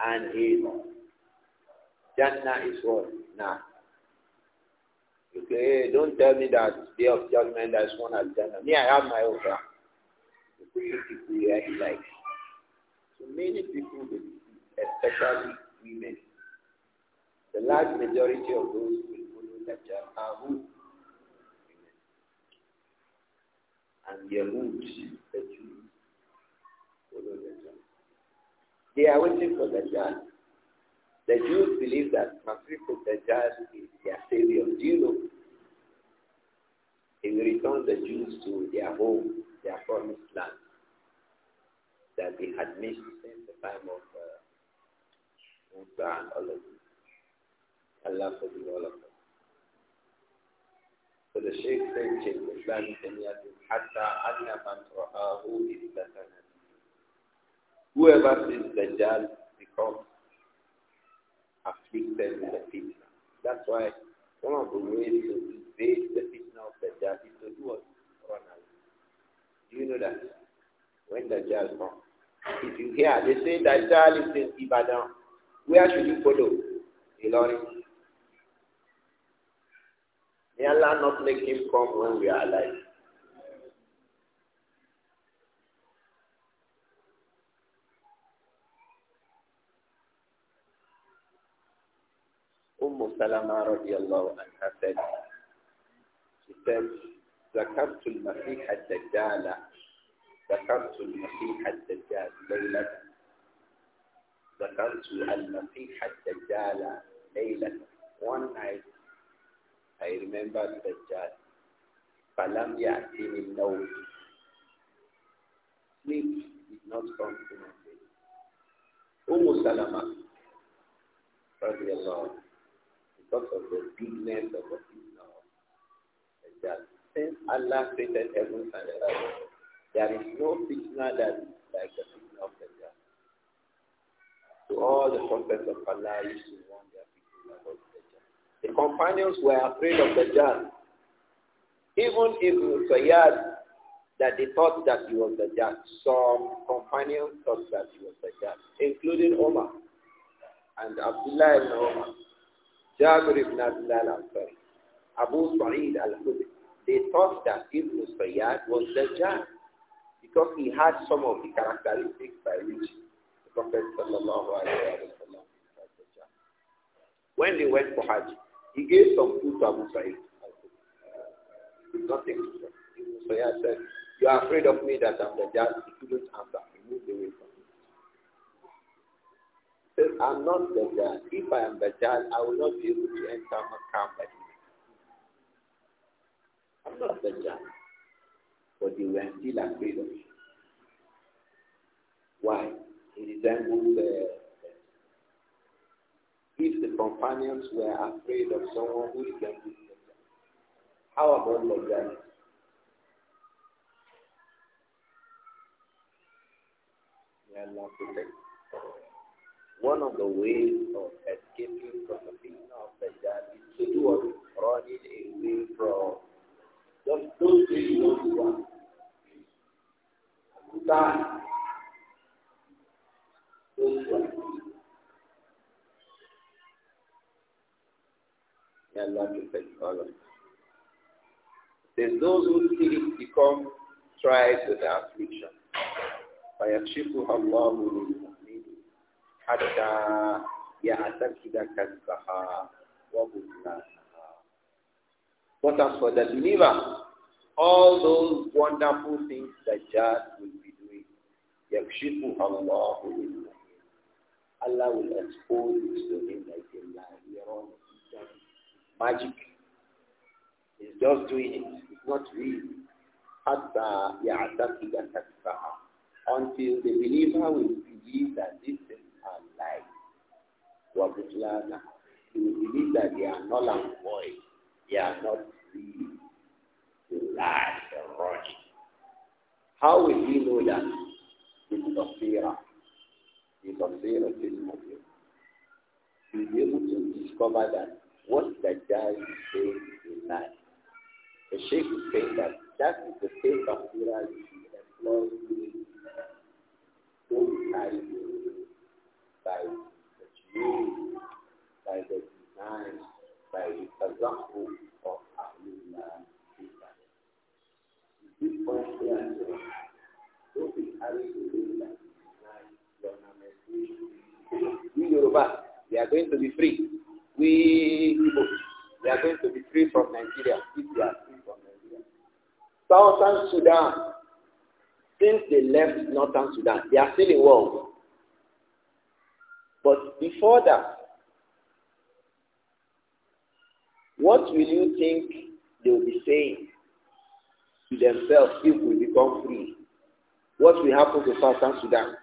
And his Jannah is what? Nah. You say, hey, don't tell me that day of judgment That's one at Jannah. Me, I have my own car. You people here in life. So many people, especially women, the large majority of those who follow that job are who? And Yahud, the Jews, follow the job. They are waiting for the Jannah. The Jews believe that Masih the judge is their savior. Do you know? He will return the Jews to their home, their promised land that they had missed since the time of uh, Musa and all of them. Allah forgive all of us. So the Sheikh said, Sheikh Islam Taniyatu, Hatta Anna Man Ra'ahu Whoever sees the judge becomes big them in the fitna. That's why one of the ways to evade the fitna of the Dajjal is to do what? Run away. Do you know that? When the Dajjal comes, if you hear, they say that Dajjal is in Ibadan, where should you follow? Ilorin. May Allah not make him come when we are alive. Umm Salama الله anha said, she said, ذكرت المسيح الدجال ذكرت المسيح الدجال ليلة ذكرت المسيح الدجال ليلة one night I remember الدجال فلم يأتيني النوم sleep did not come to me Umm Salama رضي الله عنها because of the bigness of what is now. That since Allah created heavens and earth, there is no fitna that is like the fitna of the death. To all the prophets of Allah used to warn their people about the jinn. The companions were afraid of the jinn. Even if Sayyad, that they thought that he was the judge. Some companions thought that he was the judge, including Omar and Abdullah ibn Omar. Jabir ibn Abdullah al-Ansari, Abu Sa'id al-Khudri, they thought that Ibn Sayyad was Dajjal because he had some of the characteristics by which the Prophet sallallahu alayhi wa sallam When they went for Hajj, he gave some food to Abu Sa'id Nothing. khudri Ibn Sayyad said, you are afraid of me that I'm Dajjal. He couldn't answer. He moved away from if I'm not the Dajjal. If I am the Dajjal, I will not be able to enter my company. I'm not the Dajjal. But they were still afraid of me. Why? He resembles the uh, if the companions were afraid of someone who resembles Dajjal. How about Dajjal? May Allah protect. One of the ways of escaping from the pain of death is to do what? Running away from those those things you want. Those ones. May Allah protect all of us. There's those who still become tried with the affliction. فيكشفها الله حتى يعتقد كذبها وبطلانها. But as for the believer, all those wonderful things that Jad will be doing, يكشف Allah, Allah will expose his to like a lie. Magic. He's just doing it. It's not real. حتى يعتقد كذبها. Until the believer will believe that this are lies. Wabutlana. You believe that they are null and void. They are not real. The lies are running. How will we know that? In the fear. In the fear of this movie. We'll be able to discover that what the guy is saying is lies. The Sheikh is saying that that is the same tafsirah you should employ to carry by the Jews, by the design, by the example of Ahlullah This point here don't be carried away by design, your ornamentation. We Yoruba, they are going to be free. We people, we are going to be free from Nigeria if we are free from Nigeria. Southern Sudan, since they left Northern Sudan, they are still in war. But before that, what will you think they will be saying to themselves if we become free? What will happen to Southern Sudan?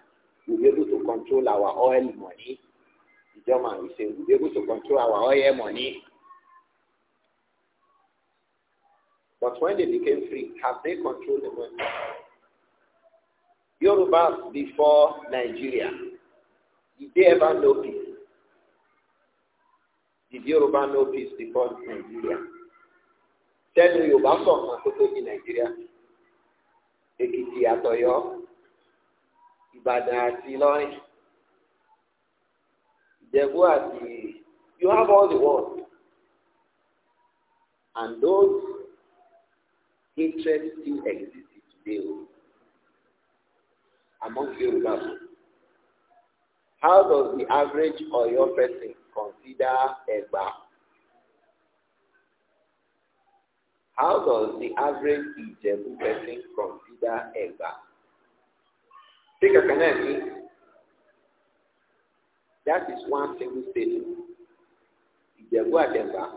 We'll be able to control our oil money. The German will say, we'll be able to control our oil money. But when they became free, have they controlled the money? Yorubas before Nigeria, Did they ever know peace? Did Yoruba know peace before Nigeria? Tell me Yoruba sọ̀kan tó tó di Nàìjíríà. Èkìtì àtọ̀yọ́, Ìbàdàn àti Ìlọrin. Ìjẹ̀bú àti you have all the world. And those interest still exist today among Yoruba people. How does the average or your person consider Egba? How does the average Ijebu person consider Egba? Take a canary. That is one single statement. Ijebu and Egba.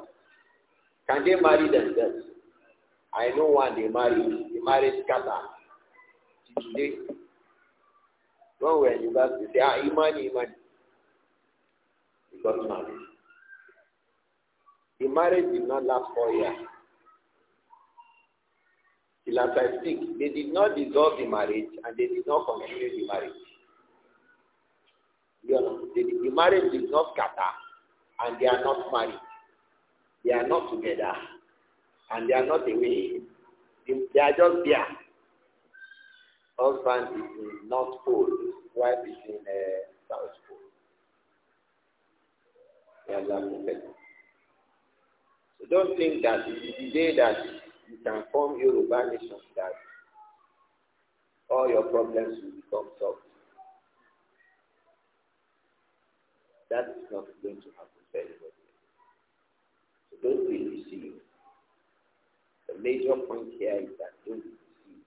Can they marry themselves? I know one they marry. They marry Kata. Today, When we were in university, they say, ah, Imani, Imani. He got married. The marriage did not last four years. Till as I speak, they did not dissolve the marriage and they did not continue the marriage. You know, they, the marriage did not scatter and they are not married. They are not together and they are not away. They, they are just there. Husband is not old. while reaching uh, South Pole. So don't think that the day that you can form your nation that all your problems will become solved. That is not going to happen to anybody. So don't be deceived. The major point here is that don't be deceived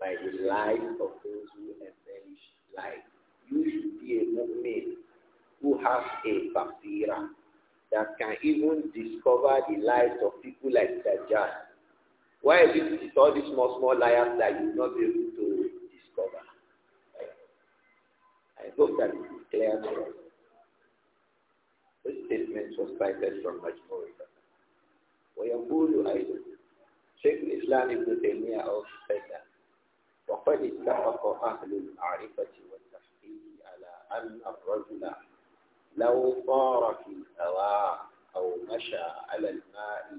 by the lies of those who embellish life. You should be a mu'min who has a basira that can even discover the lives of people like Dajjal. Why is it it's all these small, small liars that you are not able to discover? I, hope that it is clear to us. This statement was cited from Majmur. ويقول أيضا شيخ الإسلام the تيمية أو of that وقد اتفق أهل المعرفة والتحقيق على أن الرجل لو طار في الهواء أو مشى على الماء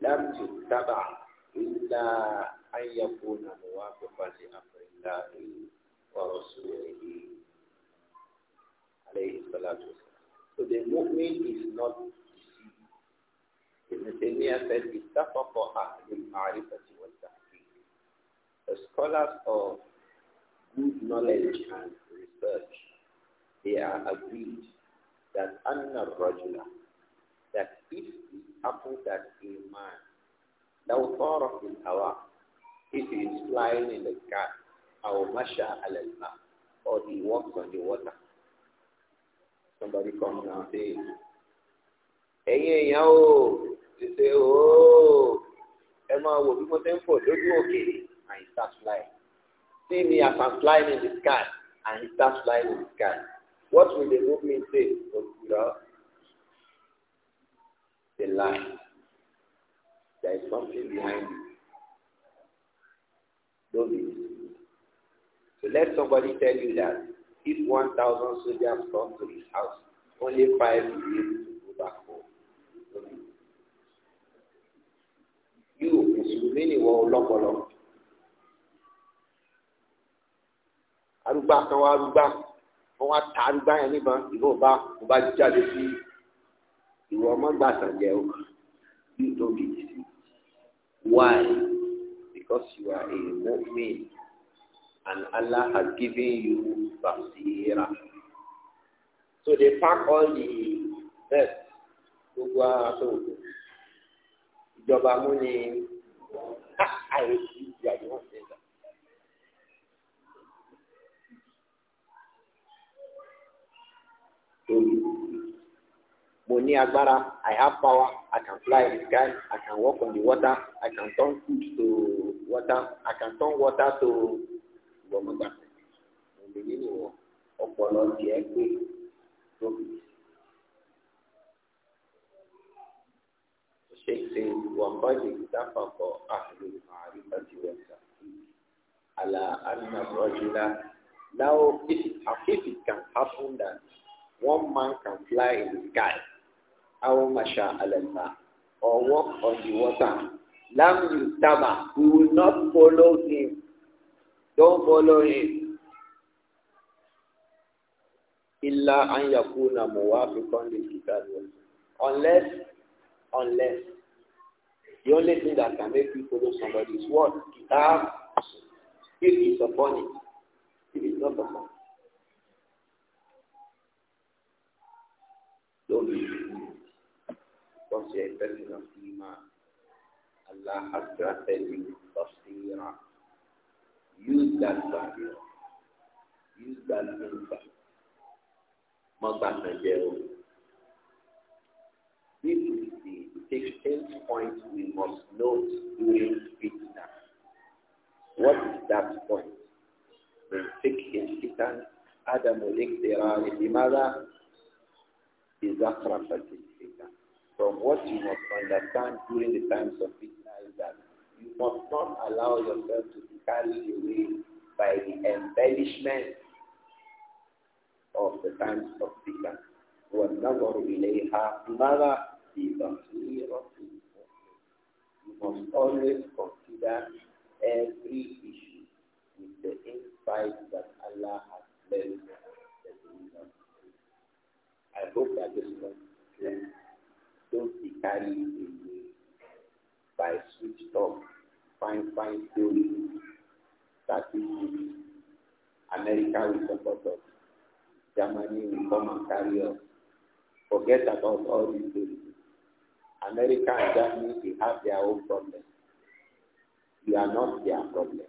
لم يتبع إلا أن يكون موافقا لأمر الله ورسوله عليه الصلاة والسلام So the movement is not deceived. The Taymiyyah said, اتفق أهل المعرفة scholars of good knowledge and research, they are agreed that anna rajula, that if the apple that a man, now thought of in our, if he is flying in the car, our masha al or he walks on the water. Somebody comes and says, Hey, yo, you say, oh, Emma, máa wò bí mo ṣe ń fò lójú òkè and he starts flying. See me as I'm flying in the sky and he starts flying in the sky. What will the movement say? The lie. There is something behind you. Don't be So let somebody tell you that if 1,000 soldiers come to his house, only five will be able to go back home. You, Mùsùlùmí ni wọ́n lọ́pọ̀lọpọ̀. arúgbá kan wá arúgbá wọn wá ta arúgbá yẹn níbọn ìlú ọba ọba jíjáde sí ìwọ ọmọ gbà tàn o bí o tóbi jì sí why because you are a mu'min and Allah has given you basira so they pack all the best gbogbo ara tó wù ìjọba mú ni àìsí ah, ìyàwó. story. Money agbara, I have power, I can fly in the sky, I can walk on the water, I can turn food to water, I can turn water to gbọmọgbà. Now, nínú if it can happen that One man can fly in the sky. Aw masha alamma. Or walk on the water. Lam yutama. We will not follow him. Don't follow him. Illa an yakuna muwafiqan lil kitab Unless, unless. The only thing that can make you follow somebody is what? Kitab. If it's upon it. If it's not upon it. Don't of Allah has granted you Use that Basira. Use that insight. Mother This is the 16th point we must note during time. What is that point? من فقه الفتن عدم الاقتران بماذا؟ is From what you must understand during the times of fitna is that you must not allow yourself to be carried away by the embellishment of the times of fitna. والنظر mother ماذا؟ ببصيرة المؤمن. You must always consider every issue with the insight that Allah has blessed I hope that this yeah. don't be carried away by switched talk. fine fine theory that is America will support us. Germany will come and carry us. Forget about all these things. America and Germany they have their own problems. You are not their problem.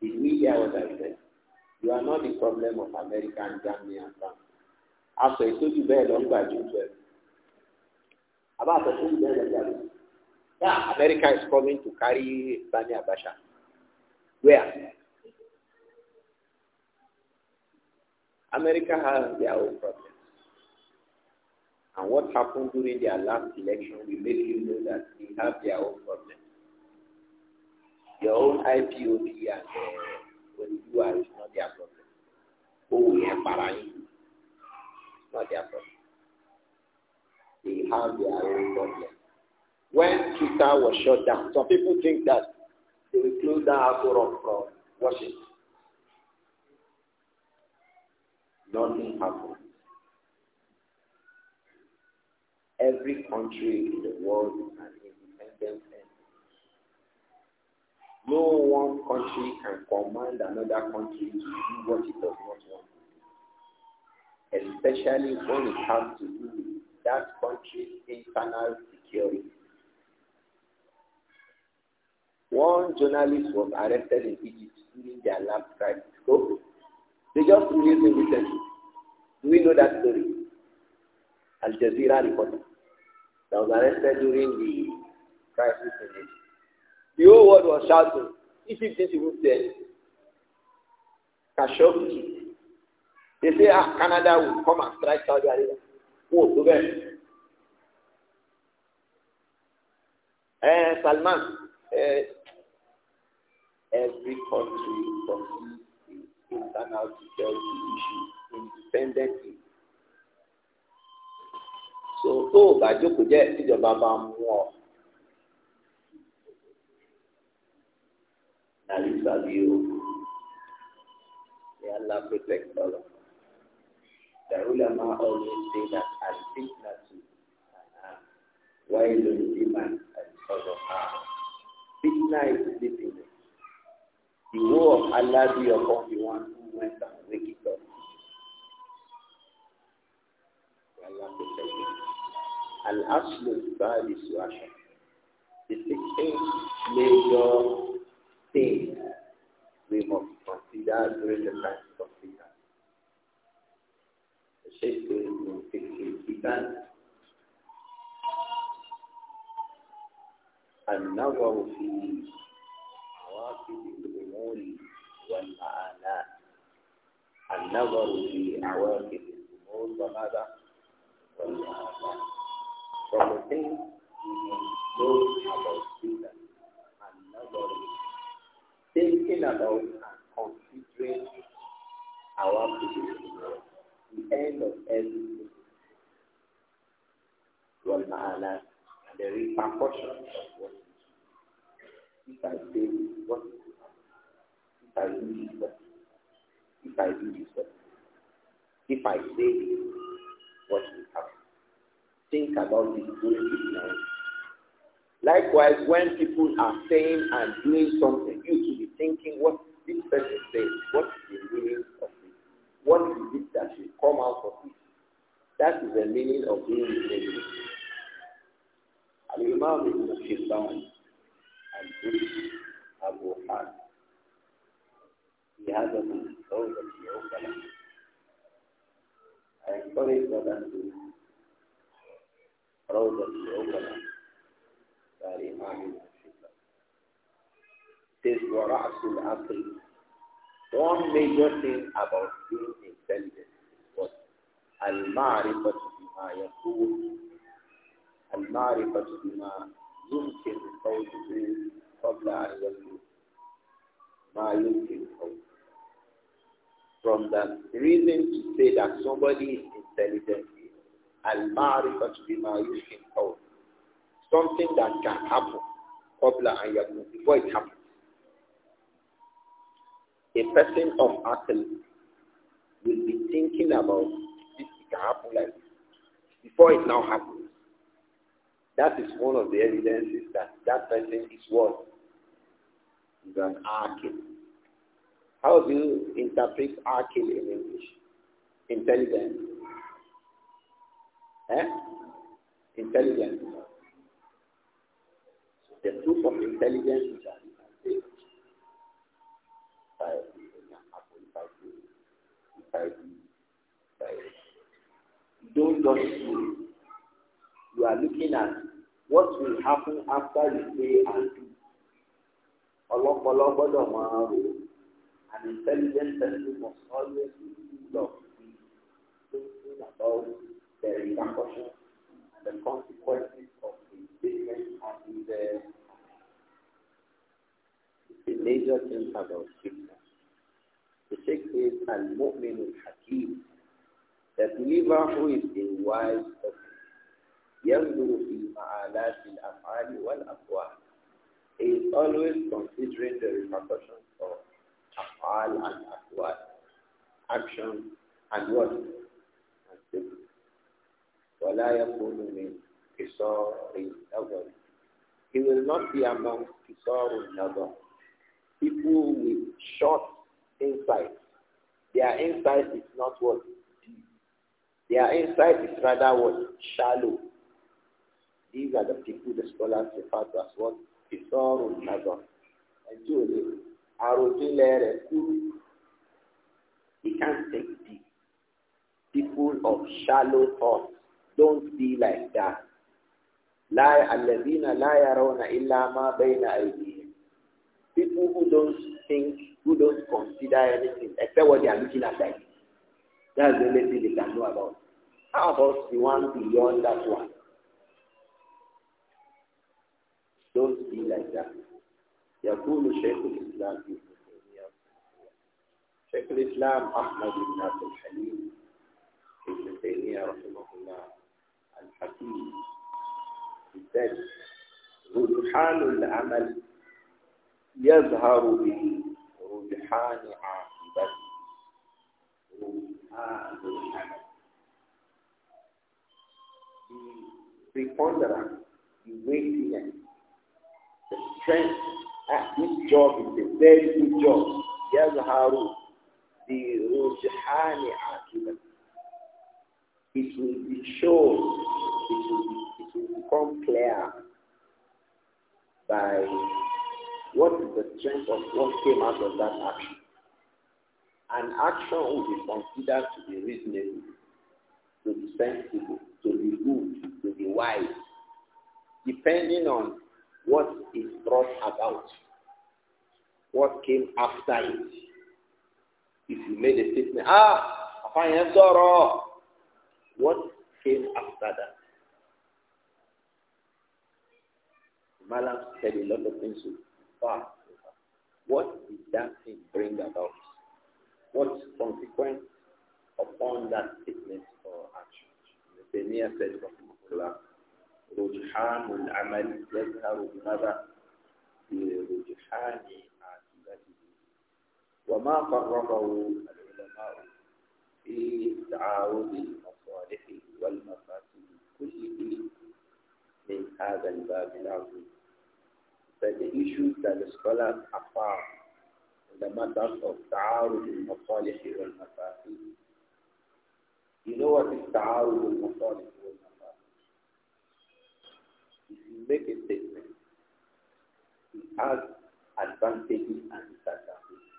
The media was I said? You are not the problem of America and Germany and France. aṣọ ìtọ́jú bẹ́ẹ̀ lọ ń gbà ju twelve àbá aṣọ ìtọ́jú bẹ́ẹ̀ lọ ń America is coming to carry Bani Abacha where America has their own problems and what happened during their last election will make you know that they have their own problems your own IPOB and uh, when you are is not their problem. Oh, we have Barayin. not their problem. They have their own problem. When Twitter was shut down, some people think that they will close down all from Washington. Nothing happened. Every country in the world is an independent entity. No one country can command another country to do what it does not want. especially when it comes to do that country's internal security. One journalist was arrested in Egypt during their last crisis. So they just released him recently. Do we know that story? Al Jazeera reporter that was arrested during the crisis in Egypt. The whole world was shouting, Egypt didn't even say Khashoggi They say, ah, Canada will come and strike Saudi Arabia. Wò tó bẹ́ẹ̀. Ẹ Salman eh every country from internal security issue independently. So tó o bá jókòó jẹ́ tíjọba bá mú ọ. Nàìjíríà bí o. May Allah protect The ulama always say that al-fitnatu wailun liman al-qadha. Fitna is sleepiness. The woe of Allah be upon the one who went and wake it up. Allah protect you. Al-aslu ba'disu ashar. The sixteenth major thing we must consider during the times of the Esto es lo que significan. النظر في عواقب الأمور والمعانات النظر في عواقب الأمور وماذا؟ والمعانات From the things we know about Jesus النظر thinking about considering عواقب الأمور the end of everything. Wal-ma'ala, and the repercussions of what If I say what If I do this, If I do this, If I say what will happen? Think about this during this night. Likewise, when people are saying and doing something, you should be thinking what this person says, what is the meaning what is it that should come out of it? That is the meaning of being religious. Al-Imam Ibn Hibban and Abu Han he has a soul oh, that he opened. I encourage brothers to روضة العقلاء قال إمام This was Ra'asul Aql. One major thing about gain intelligence. But المعرفة بما يكون المعرفة بما يمكن قوله قبل أن يكون ما يمكن قوله From that reason to say that somebody is intelligent is المعرفة بما يمكن قوله Something that can happen قبل أن before it happens. A person of Athens will be thinking about this can happen like before it now happens. That is one of the evidences that that person is what? Is an archil. How do you interpret archil in English? Intelligent. Eh? Intelligent. The proof of intelligence is that you can by, by don't just sleep. You are looking at what will happen after you say and do. ọlọpọlọ gbọdọ máa rò an intelligent person must always be thinking about the repercussions and the consequences of the statement and the major things about treatment. The Sheikh says, Al-Mu'min al-Hakim, the believer who is a wise person. ينظر في He is always considering the repercussions of afal and aqwal, action and what? And ولا يكون من قصار النظر. He will not be among قصار النظر. People with short insight. Their insight is not what deep. Their insight is rather what shallow. These are the people the scholars refer to as what Pisorul Nazar. And two, Julie, Arutile He can't take deep. People of shallow thoughts, don't be like that. لا الذين لا rona illama baina بين People who don't think who don't consider anything except what they are looking at like. That's the only thing they can know about. How about the one beyond that one? Don't be like that. يقول شيخ الإسلام في شيخ الإسلام أحمد بن عبد الحليم ابن تيمية رحمه الله الحكيم الثاني رجحان العمل يظهر به برجحان the preponderance, the weightiness, the strength, ah, this job is a very good job. يظهر برجحان عاقبته It will be shown, it will, be, it will become clear by what is the strength of what came out of that action? An action will be considered to be reasonable, to be sensible, to be good, to be wise, depending on what is brought about, what came after it. If you made a statement, ah, I am sorrow. What came after that? Malam said a lot of things what did that thing bring about? What consequence upon that statement or action? The mere said رجحان العمل يظهر بماذا؟ برجحان عاقبته وما قرره العلماء في تعارض المصالح والمفاسد كله من هذا الباب العظيم said the issues that the scholars affirm in the matters of ta'arud al-masalih wal-mafasid. You know what is ta'arud al-masalih wal-mafasid? If you make a statement, it has advantages and disadvantages.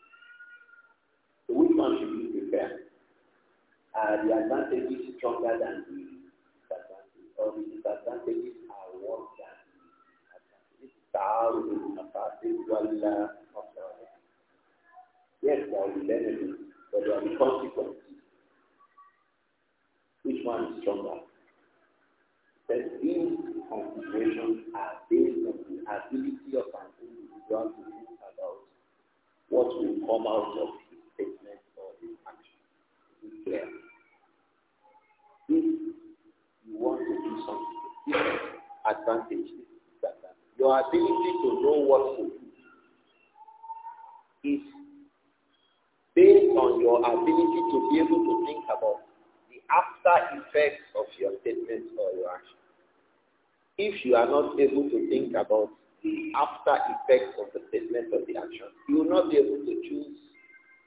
So which one should you prefer? Are the advantages stronger than the disadvantages, or the disadvantages are worse? تعارض المقاصد ولا مصالح. Yes, there are be benefits, but there are consequences. Which one is stronger? That these considerations are based on the ability of an individual to think about what will come out of his statement or his action. clear? If you want to do something, advantage your ability to know what to do is based on your ability to be able to think about the after effects of your statements or your action. If you are not able to think about the after effects of the statement or the action, you will not be able to choose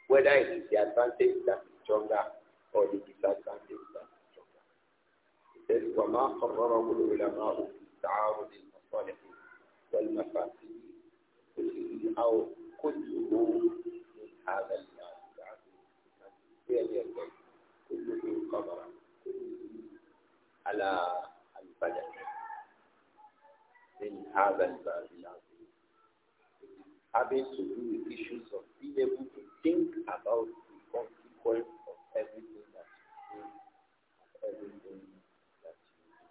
whether it is the advantage that is stronger or the disadvantage that is stronger. It says, والمفاتيح أو كله من هذا المال كله قبرا على من هذا المال having to do with issues of being able to think about the consequence of everything that you do, everything that you do.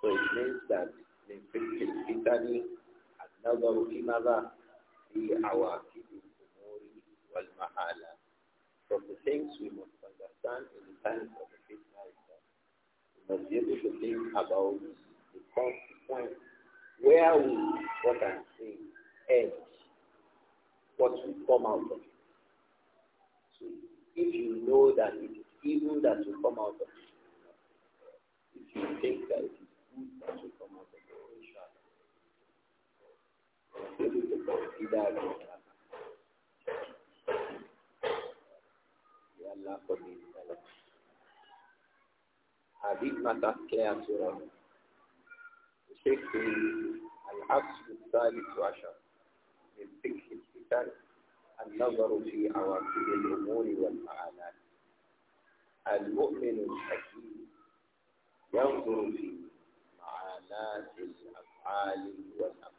So it means that من فقه الفتن النظر في ماذا؟ في عواقب الأمور والمحالات. From the things we must understand in the times of the fitna we must be able to think about the point where we, what I'm saying, end, what will come out of it. So if you know that it is evil that will come out of it, if you think that it is good that will come out of it. إدارة May Allah forgive us. العصر الثالث عشر من فقه الكتاب النظر في عواقب الأمور والمعانات المؤمن الحكيم ينظر في معاناة الأفعال والأمور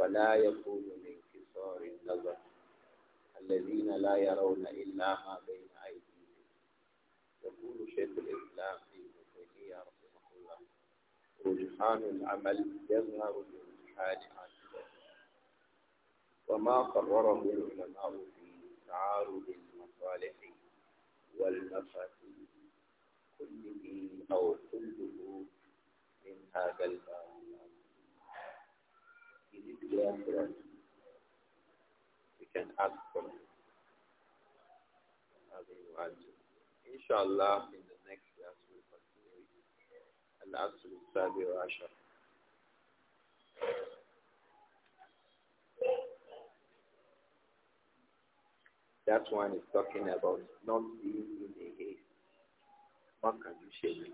فلا يكون لانكسار النظر الذين لا يرون إلا ما بين أيديهم يقول شيخ الإسلام ابن تيمية رحمه الله رجحان العمل يظهر برجحان عاجله وما قرره العلماء في تعارض المصالح والمفاتيح كله أو كله من هذا الباب We can ask for them. Inshallah, in the next class, we'll continue. And ask to Sabi or That one is talking about not being in a haste. What can you say?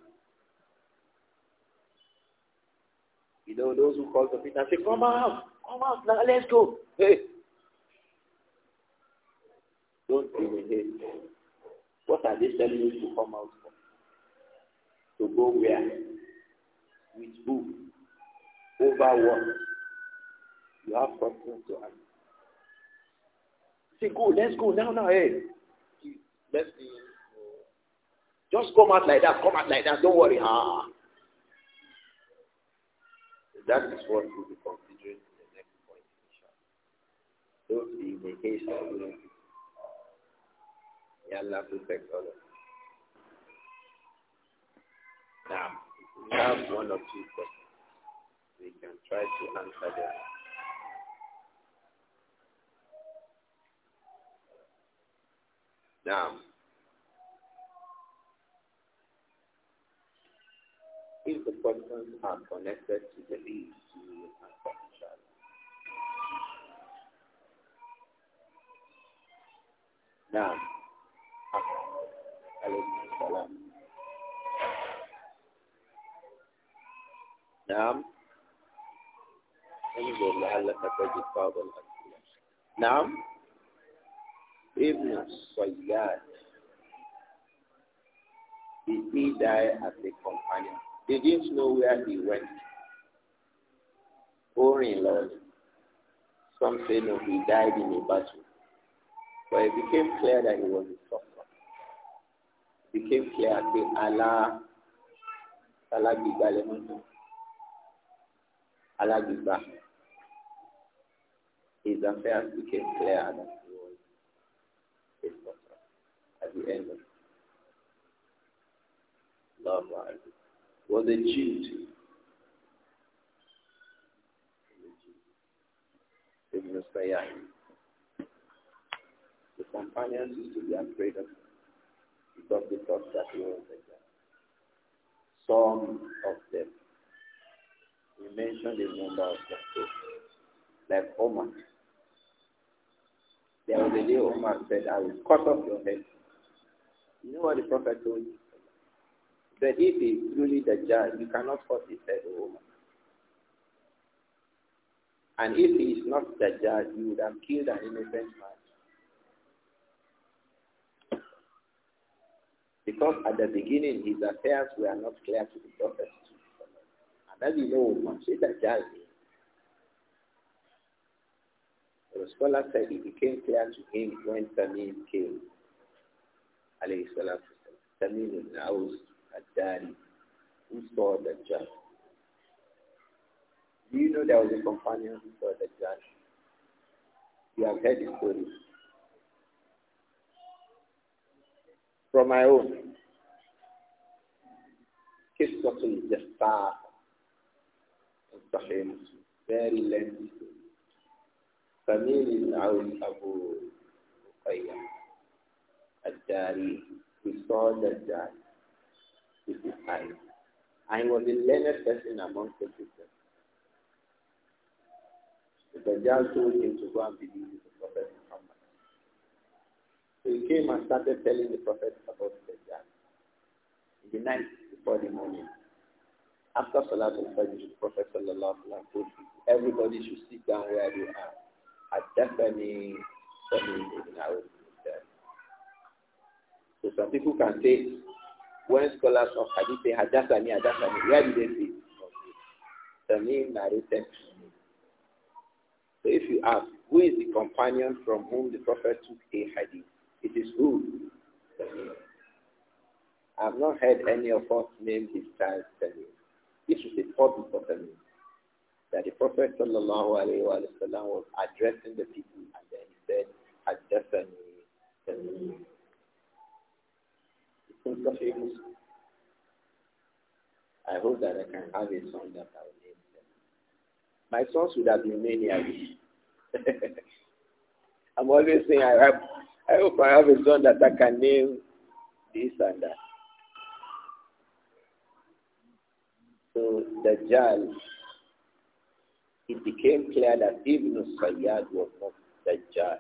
You know, those who call the people and say, come out. Come out now, let's go. Hey. Don't be in here. What are they telling you to come out for? To go where? With who? Over what? You have something to answer. Say, go, let's go now, now, hey. Let's be. Just come out like that, come out like that, don't worry. Ah. That is what you become. Those being the case of doing it. Allah protect all of us. Now, we have one or two questions. We can try to answer them. Now, if the questions are connected to the leaves, we will answer. نعم عليكم السلام نعم انظر لعلك تجد بعض الأسئلة نعم Ibn الصياد Did he die as a companion? They didn't know where he went. Or in Lord. Some say no, he died in a battle. But it became clear that he was a sufferer. It became clear that Allah, Allah Gibalem, Allah Gibah, his affairs became clear that he was a sufferer. at the end of love life. Was a Jew too. Ibn Sayyid companions used to be afraid of because they thought that he was a God. Some of them, we mentioned a number of them, like Omar. There was a day Omar said, I will cut off your head. You know what the prophet told him? That if he is truly the judge, you cannot cut his head, Omar. And if he is not the judge, you would have killed an innocent man. Because at the beginning, his affairs were not clear to the Prophet. And as you know, Masjid Dajjal, the scholar said it became clear to him when Tamim came. Alayhi salatu Tamim al house al-Dari, who saw judge. Do you know there was a companion who saw judge? You have heard the story. From my own. قصة الجسار صحيح مسلم very lengthy فمين العون أبو رقية الداري he saw the dad with his eyes and he was the learned person among the people the Dajjal told him to go and believe the Prophet Muhammad so he came and started telling the Prophet about the Dajjal in the night for the morning. After Salat al the Prophet sallallahu alaihi wasallam everybody should sit down where they are. Adafani Sami Ibn Awad. So some people can say, when scholars of Hadith say Hadasani, Hadasani, where did they sit? Sami narrated. So if you ask, who is the companion from whom the Prophet took a Hadith? It is who? Sami. I've not heard any of us name his child Samuel. This is a purpose of That the Prophet sallallahu was addressing the people and then he said, Addressing Samuel. I hope that I can have a son that I will name them. My sons would have been many, I (laughs) I'm always saying I, have, I hope I have a son that I can name this and that. to Dajjal, it became clear that Ibn Sayyad was not Dajjal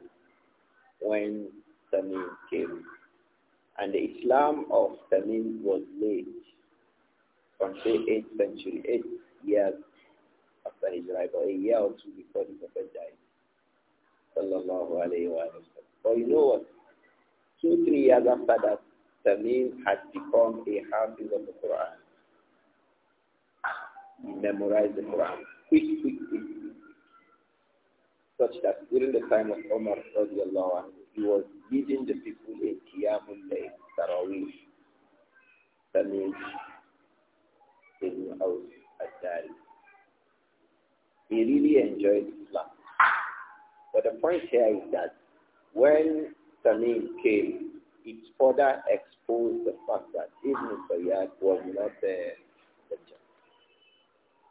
when Tamim came. And the Islam of Tamim was late, from say 8th century, 8 years after his arrival, a year or two before the Prophet died. Sallallahu alayhi wa But you know what? Two, three years after that, Tamim had become a half of the Quran memorize the Quran. Quick, quick, quick. Such that during the time of Omar radiallahu anhu, he was leading the people in Qiyamul Layl, Tarawih. That means in Aus al-Dari. He really enjoyed Islam. But the point here is that when Tamim came, it further exposed the fact that Ibn Sayyad was not uh, the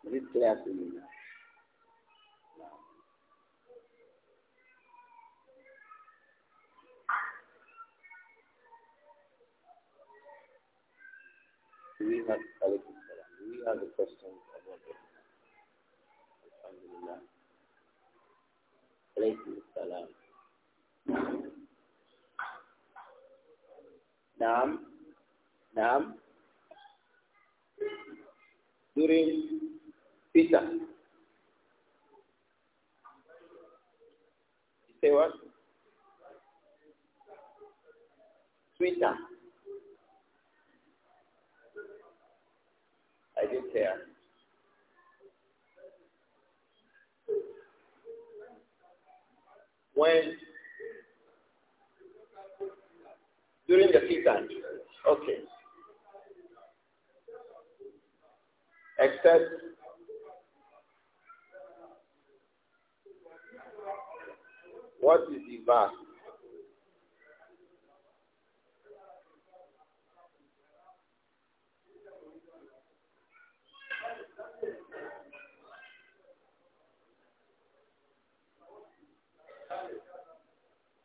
We have collected salam. We have the questions about it. Alhamdulillah. Collecting salam. Naam. Naam. During Peter. You say what? Twitter. I didn't hear. When during the season, okay. Except What is the verse?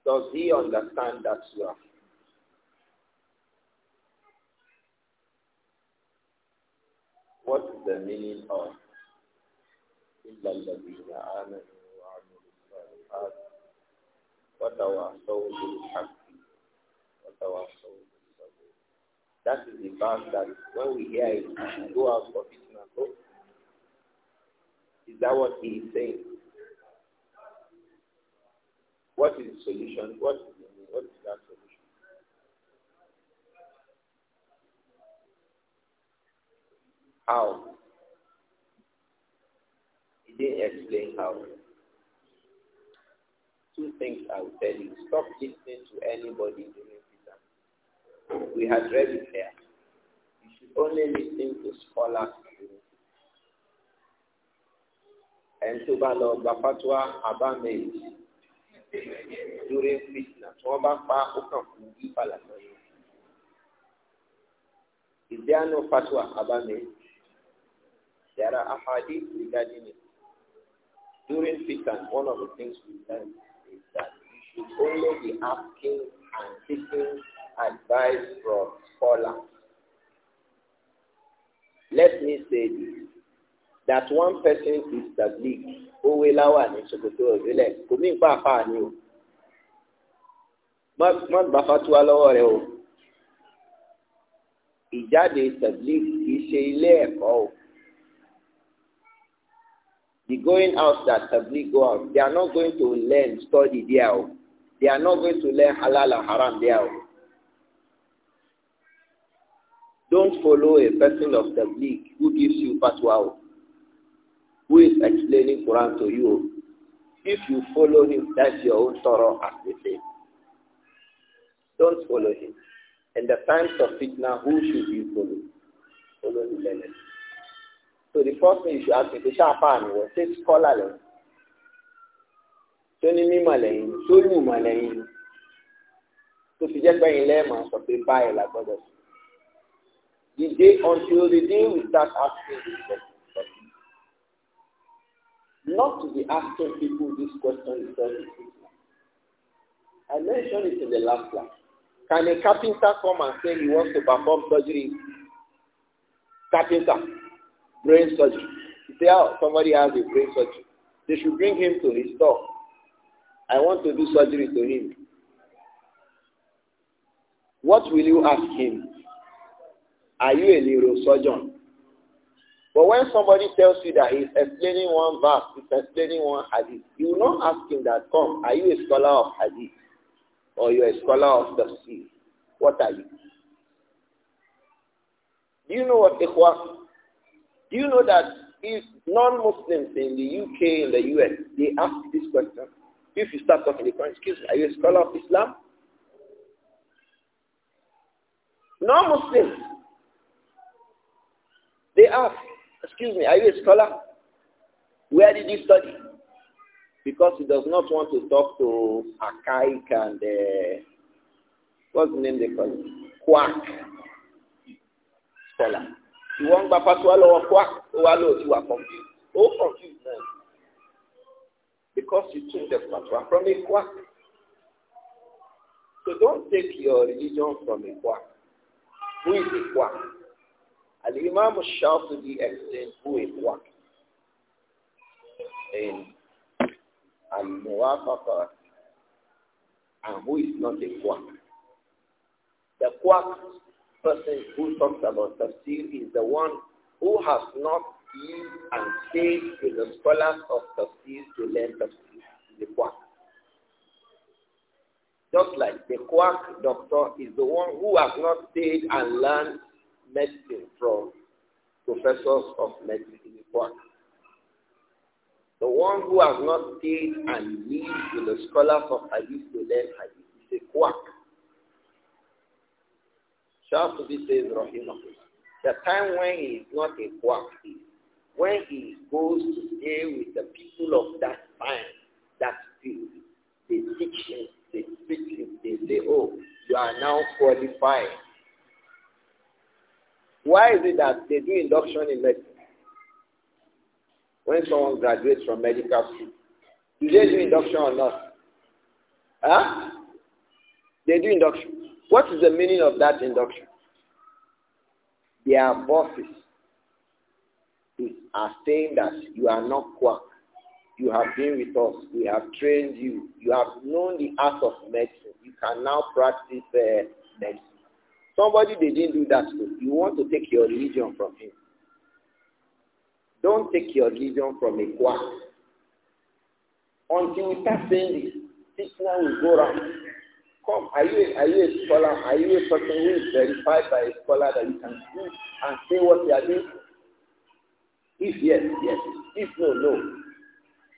Does he understand that surah? What is the meaning of وتواصوا بالحق وتواصوا بالصبر That is the fact that when we hear it, we go out for it and go. Is that what he is saying? What is the solution? What is, the, what is that solution? How? He didn't explain how two things I will tell you. Stop listening to anybody during time. We had read it there. You should only listen to scholars during Ẹni tó bá lọ gba during Fitna tí there no fatwa abámẹ́yì? There are regarding it. During Fitan, one of the things we learn only be asking and seeking advice from scholars. Let me say this, that one person is the league. Owó láwà ní Sokoto òbílẹ̀ kò ní ìpá àfà ni o. Má gbà fatuwa lọ́wọ́ rẹ o. Ìjáde tablik the í ṣe ilé ẹ̀kọ́ o. The going out that tablik go out, they are not going to learn, study there o. They are not going to learn halal and haram there. Oh. Don't follow a person of the league who gives you fatwa, oh, who is explaining Quran to you. Oh. If you follow him, that's your own sorrow, as they say. Don't follow him. In the times of fitna, who should you follow? Follow the learned. So the first thing you should ask is, ṣe àfáà scholarly tó ní mímọ̀ lẹ́yìn tó ní ìmọ̀ lẹ́yìn tó fi jẹ́ pẹ́yìn lẹ́ẹ̀mọ̀ sọ pé báyìí la gbọ́dọ̀ sí. Dìde until the day we start asking this question. Not to be asking people this question is very simple. I mentioned it in the last class. Can a carpenter come and say he wants to perform surgery? Carpenter, brain surgery. He say, oh, somebody has a brain surgery. They should bring him to his store. I want to do surgery to him. What will you ask him? Are you a neurosurgeon? But when somebody tells you that he's explaining one verse, he's explaining one hadith, you will not ask him that, come, are you a scholar of hadith? Or you're a scholar of the sea? What are you? Do you know what ikhwa? Do you know that if non-Muslims in the UK, in the US, they ask this question, If you start talking, the Quran, excuse me, are you a scholar of Islam? No Muslim. they ask, excuse me, are you a scholar? Where did you study? Because he does not want to talk to Akaik and uh, what's the name they call it? Quack scholar. You want Bapatualo or Quack? Oh, hello, you are confused. Oh, confused now. because you took the fatwa from a quack. So don't take your religion from a quack. Who is a quack? Al-Imam Shafi'i explained who a quack in Al-Muwafaqat and who is not a quack. The quack person who talks about tafsir is the one who has not and say to the scholars of tafsir to learn tafsir. The quack. Just like the quack doctor is the one who has not stayed and learned medicine from professors of medicine. The quack. The one who has not stayed and lived with the scholars of hadith to learn hadith is a quack. Shafi says, Rahimahullah. The time when he is not a quack is when he goes to stay with the people of that time, that field, they teach him, they teach him, they say, oh, you are now qualified. Why is it that they do induction in medicine? When someone graduates from medical school, do they do induction or not? Huh? They do induction. What is the meaning of that induction? They are bosses are saying that you are not quack. You have been with us. We have trained you. You have known the art of medicine. You can now practice uh, medicine. Somebody they didn't do that to. You want to take your religion from him. Don't take your religion from a quack. Until we start saying this, now will go around. Come, are you, a, are you a scholar? Are you a person who is verified by a scholar that you can do and say what you are doing? If yes, yes. If no, no.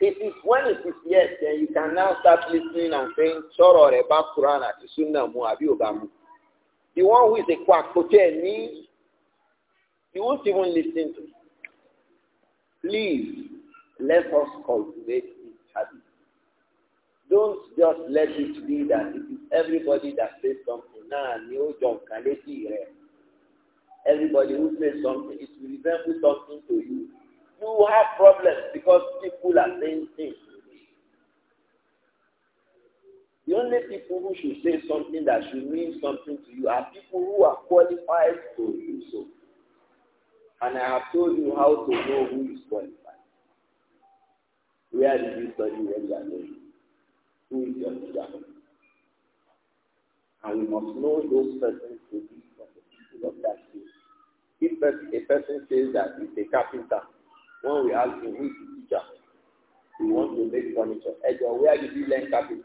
It is when it is yes, then you can now start listening and saying, Choro Reba Quran at Muabi Obamu. The one who is a quackpote me, you won't even listen to. Me. Please, let us cultivate this habit. Don't just let it be that it is everybody that says something. Nah, Neo John it. Everybody who says something, it will resemble something to you. You have problems because people are saying things. The only people who should say something that should mean something to you are people who are qualified to do so. And I have told you how to know who is qualified. Where did you study when you are learning? Who is your teacher? And we must know those persons to be from the people of that field. If a person says that he's a carpenter, when we ask him, who is the teacher? He wants to make furniture. Ejo, where did you learn carpentry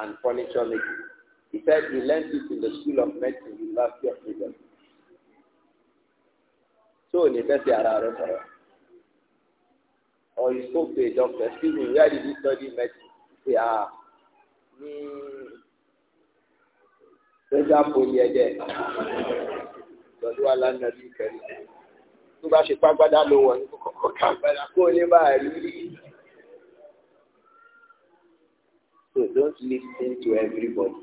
and furniture making? He said he learned it in the School of Medicine, University of Lagos. So, in the ara rẹ Or he spoke to a doctor, excuse me, where did you study medicine? He said, ní sẹ́jà poli kẹrin tó bá ṣe pàgbádá ló wọ̀ ní kọ́kọ́ kó bá rí. So don't listen to everybody.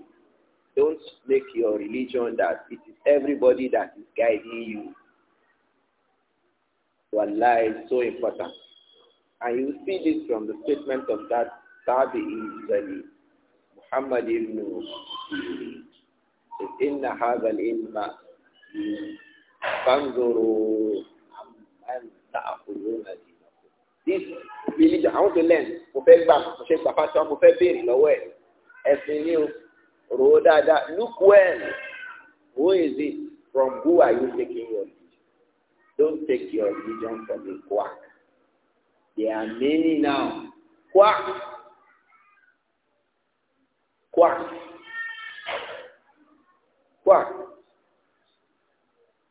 Don't make your religion that it is everybody that is guiding you. Your life is so important. And you see this from the statement of that in Israeli, Muhammad ibn Sirin. إن هذا العلم فانظروا عمن تأخذون دينكم this religion I want to learn mo fẹ́ gbà mo fẹ́ gbà pátá mo fẹ́ béèrè lọ́wọ́ ẹ̀ ẹ̀sìn ni o rò ó dáadáa look well who is it from who are you taking your religion don't take your religion from a quack there are many now quack quack quack.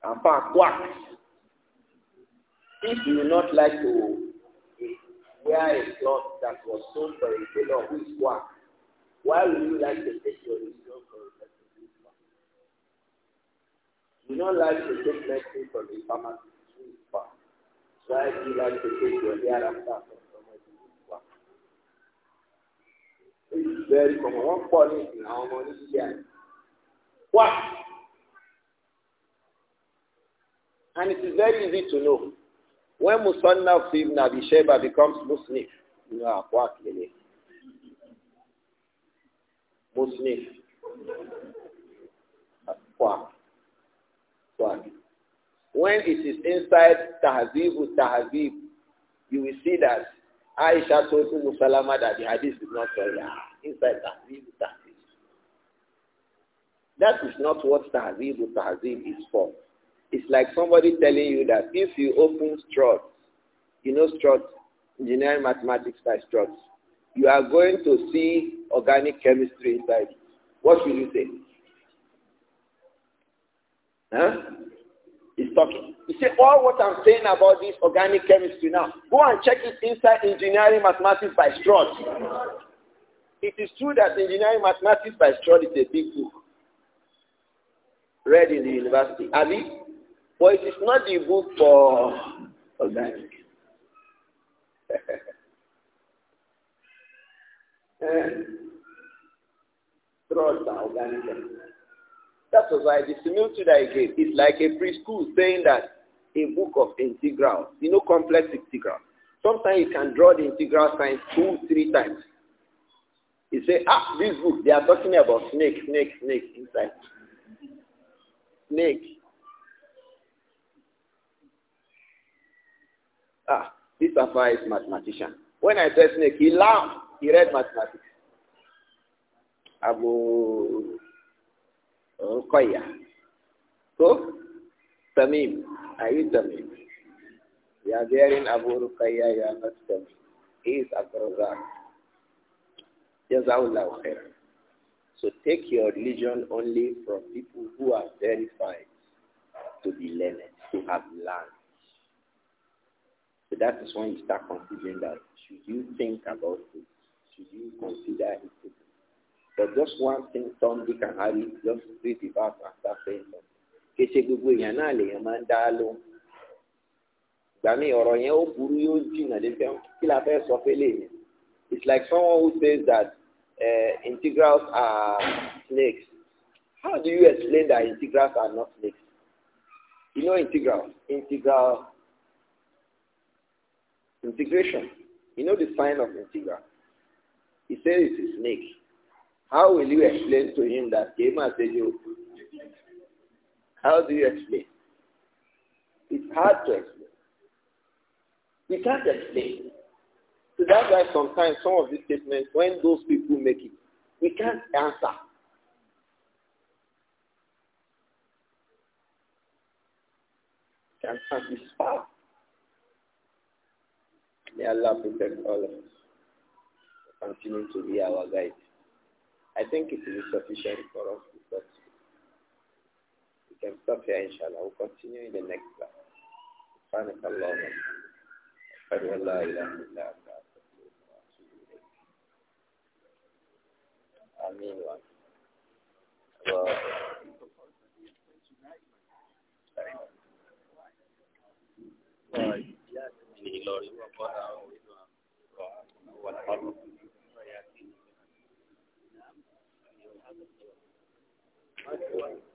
Afa quack. If you do not like to wear a cloth that was sewn for a tailor who is quack, why would you like to take your wisdom from a person who is You don't like to take medicine from a pharmacist who is quack. Why do you like to take your hair from someone who is quack? This is very common. One policy in our money here. Quack. And it is very easy to know. When Musanna ibn Abi Sheba becomes Musnif, Musnif. When it is inside Tahazib Tahazib, you will see that Aisha told Umm Salama that the hadith is not Sahih. Inside Tahzib Tahzib. That is not what Tahzib Tahzib is for. It's like somebody telling you that if you open struts, you know struts, engineering mathematics by struts, you are going to see organic chemistry inside. What will you say? Huh? He's talking. You see all what I'm saying about this organic chemistry now, go and check it inside engineering mathematics by Strauss. It is true that engineering mathematics by Strauss is a big book read in the university. Abi, but it is not the book for organic. and (laughs) eh, trust and organic. That's why the similitude I gave is like a preschool saying that a book of integrals, you know, complex integrals. Sometimes you can draw the integral signs two, three times. You say, ah, this book, they are talking about snake, snake, snake inside. Snake. ah, this Afa is mathematician. When I said snake, he laughed. He read mathematics. Abu Ruqayya. Oh, so, Tamim. Are you Tamim? You are there in Abu Rukaya, oh, you are not Tamim. He is Abrazak. Jazawullah khair. So take your religion only from people who are verified to be learned, to have learned. So that is when you start considering that should you think about it? Should you consider it? But just one thing, Tom, Dick, and Harry, just read the verse and start saying something. Kése gbogbo èèyàn náà lèèyàn máa ń dá lóhùn. Ìgbà mi ọ̀rọ̀ yẹn ó burú yóò jìnà lé fẹ́ kí la fẹ́ sọ fẹ́ lè yẹn. It's like someone who says that uh, integrals are snakes. How do you explain that integrals are not snakes? You know integrals? Integral Integration. You know the sign of integral. He said it's a snake. How will you explain to him that Gema said you? How do you explain? It's hard to explain. We can't explain. So that's why sometimes some of these statements, when those people make it, we can't answer. Can't answer. It's part. May Allah protect all of us. Continue to be our guide. I think it will be sufficient for us because we can stop here inshallah. We'll continue in the next class. سبحانك اللهم أشهد أن لا إله إلا أنت أستغفرك وأتوب إليك. والحر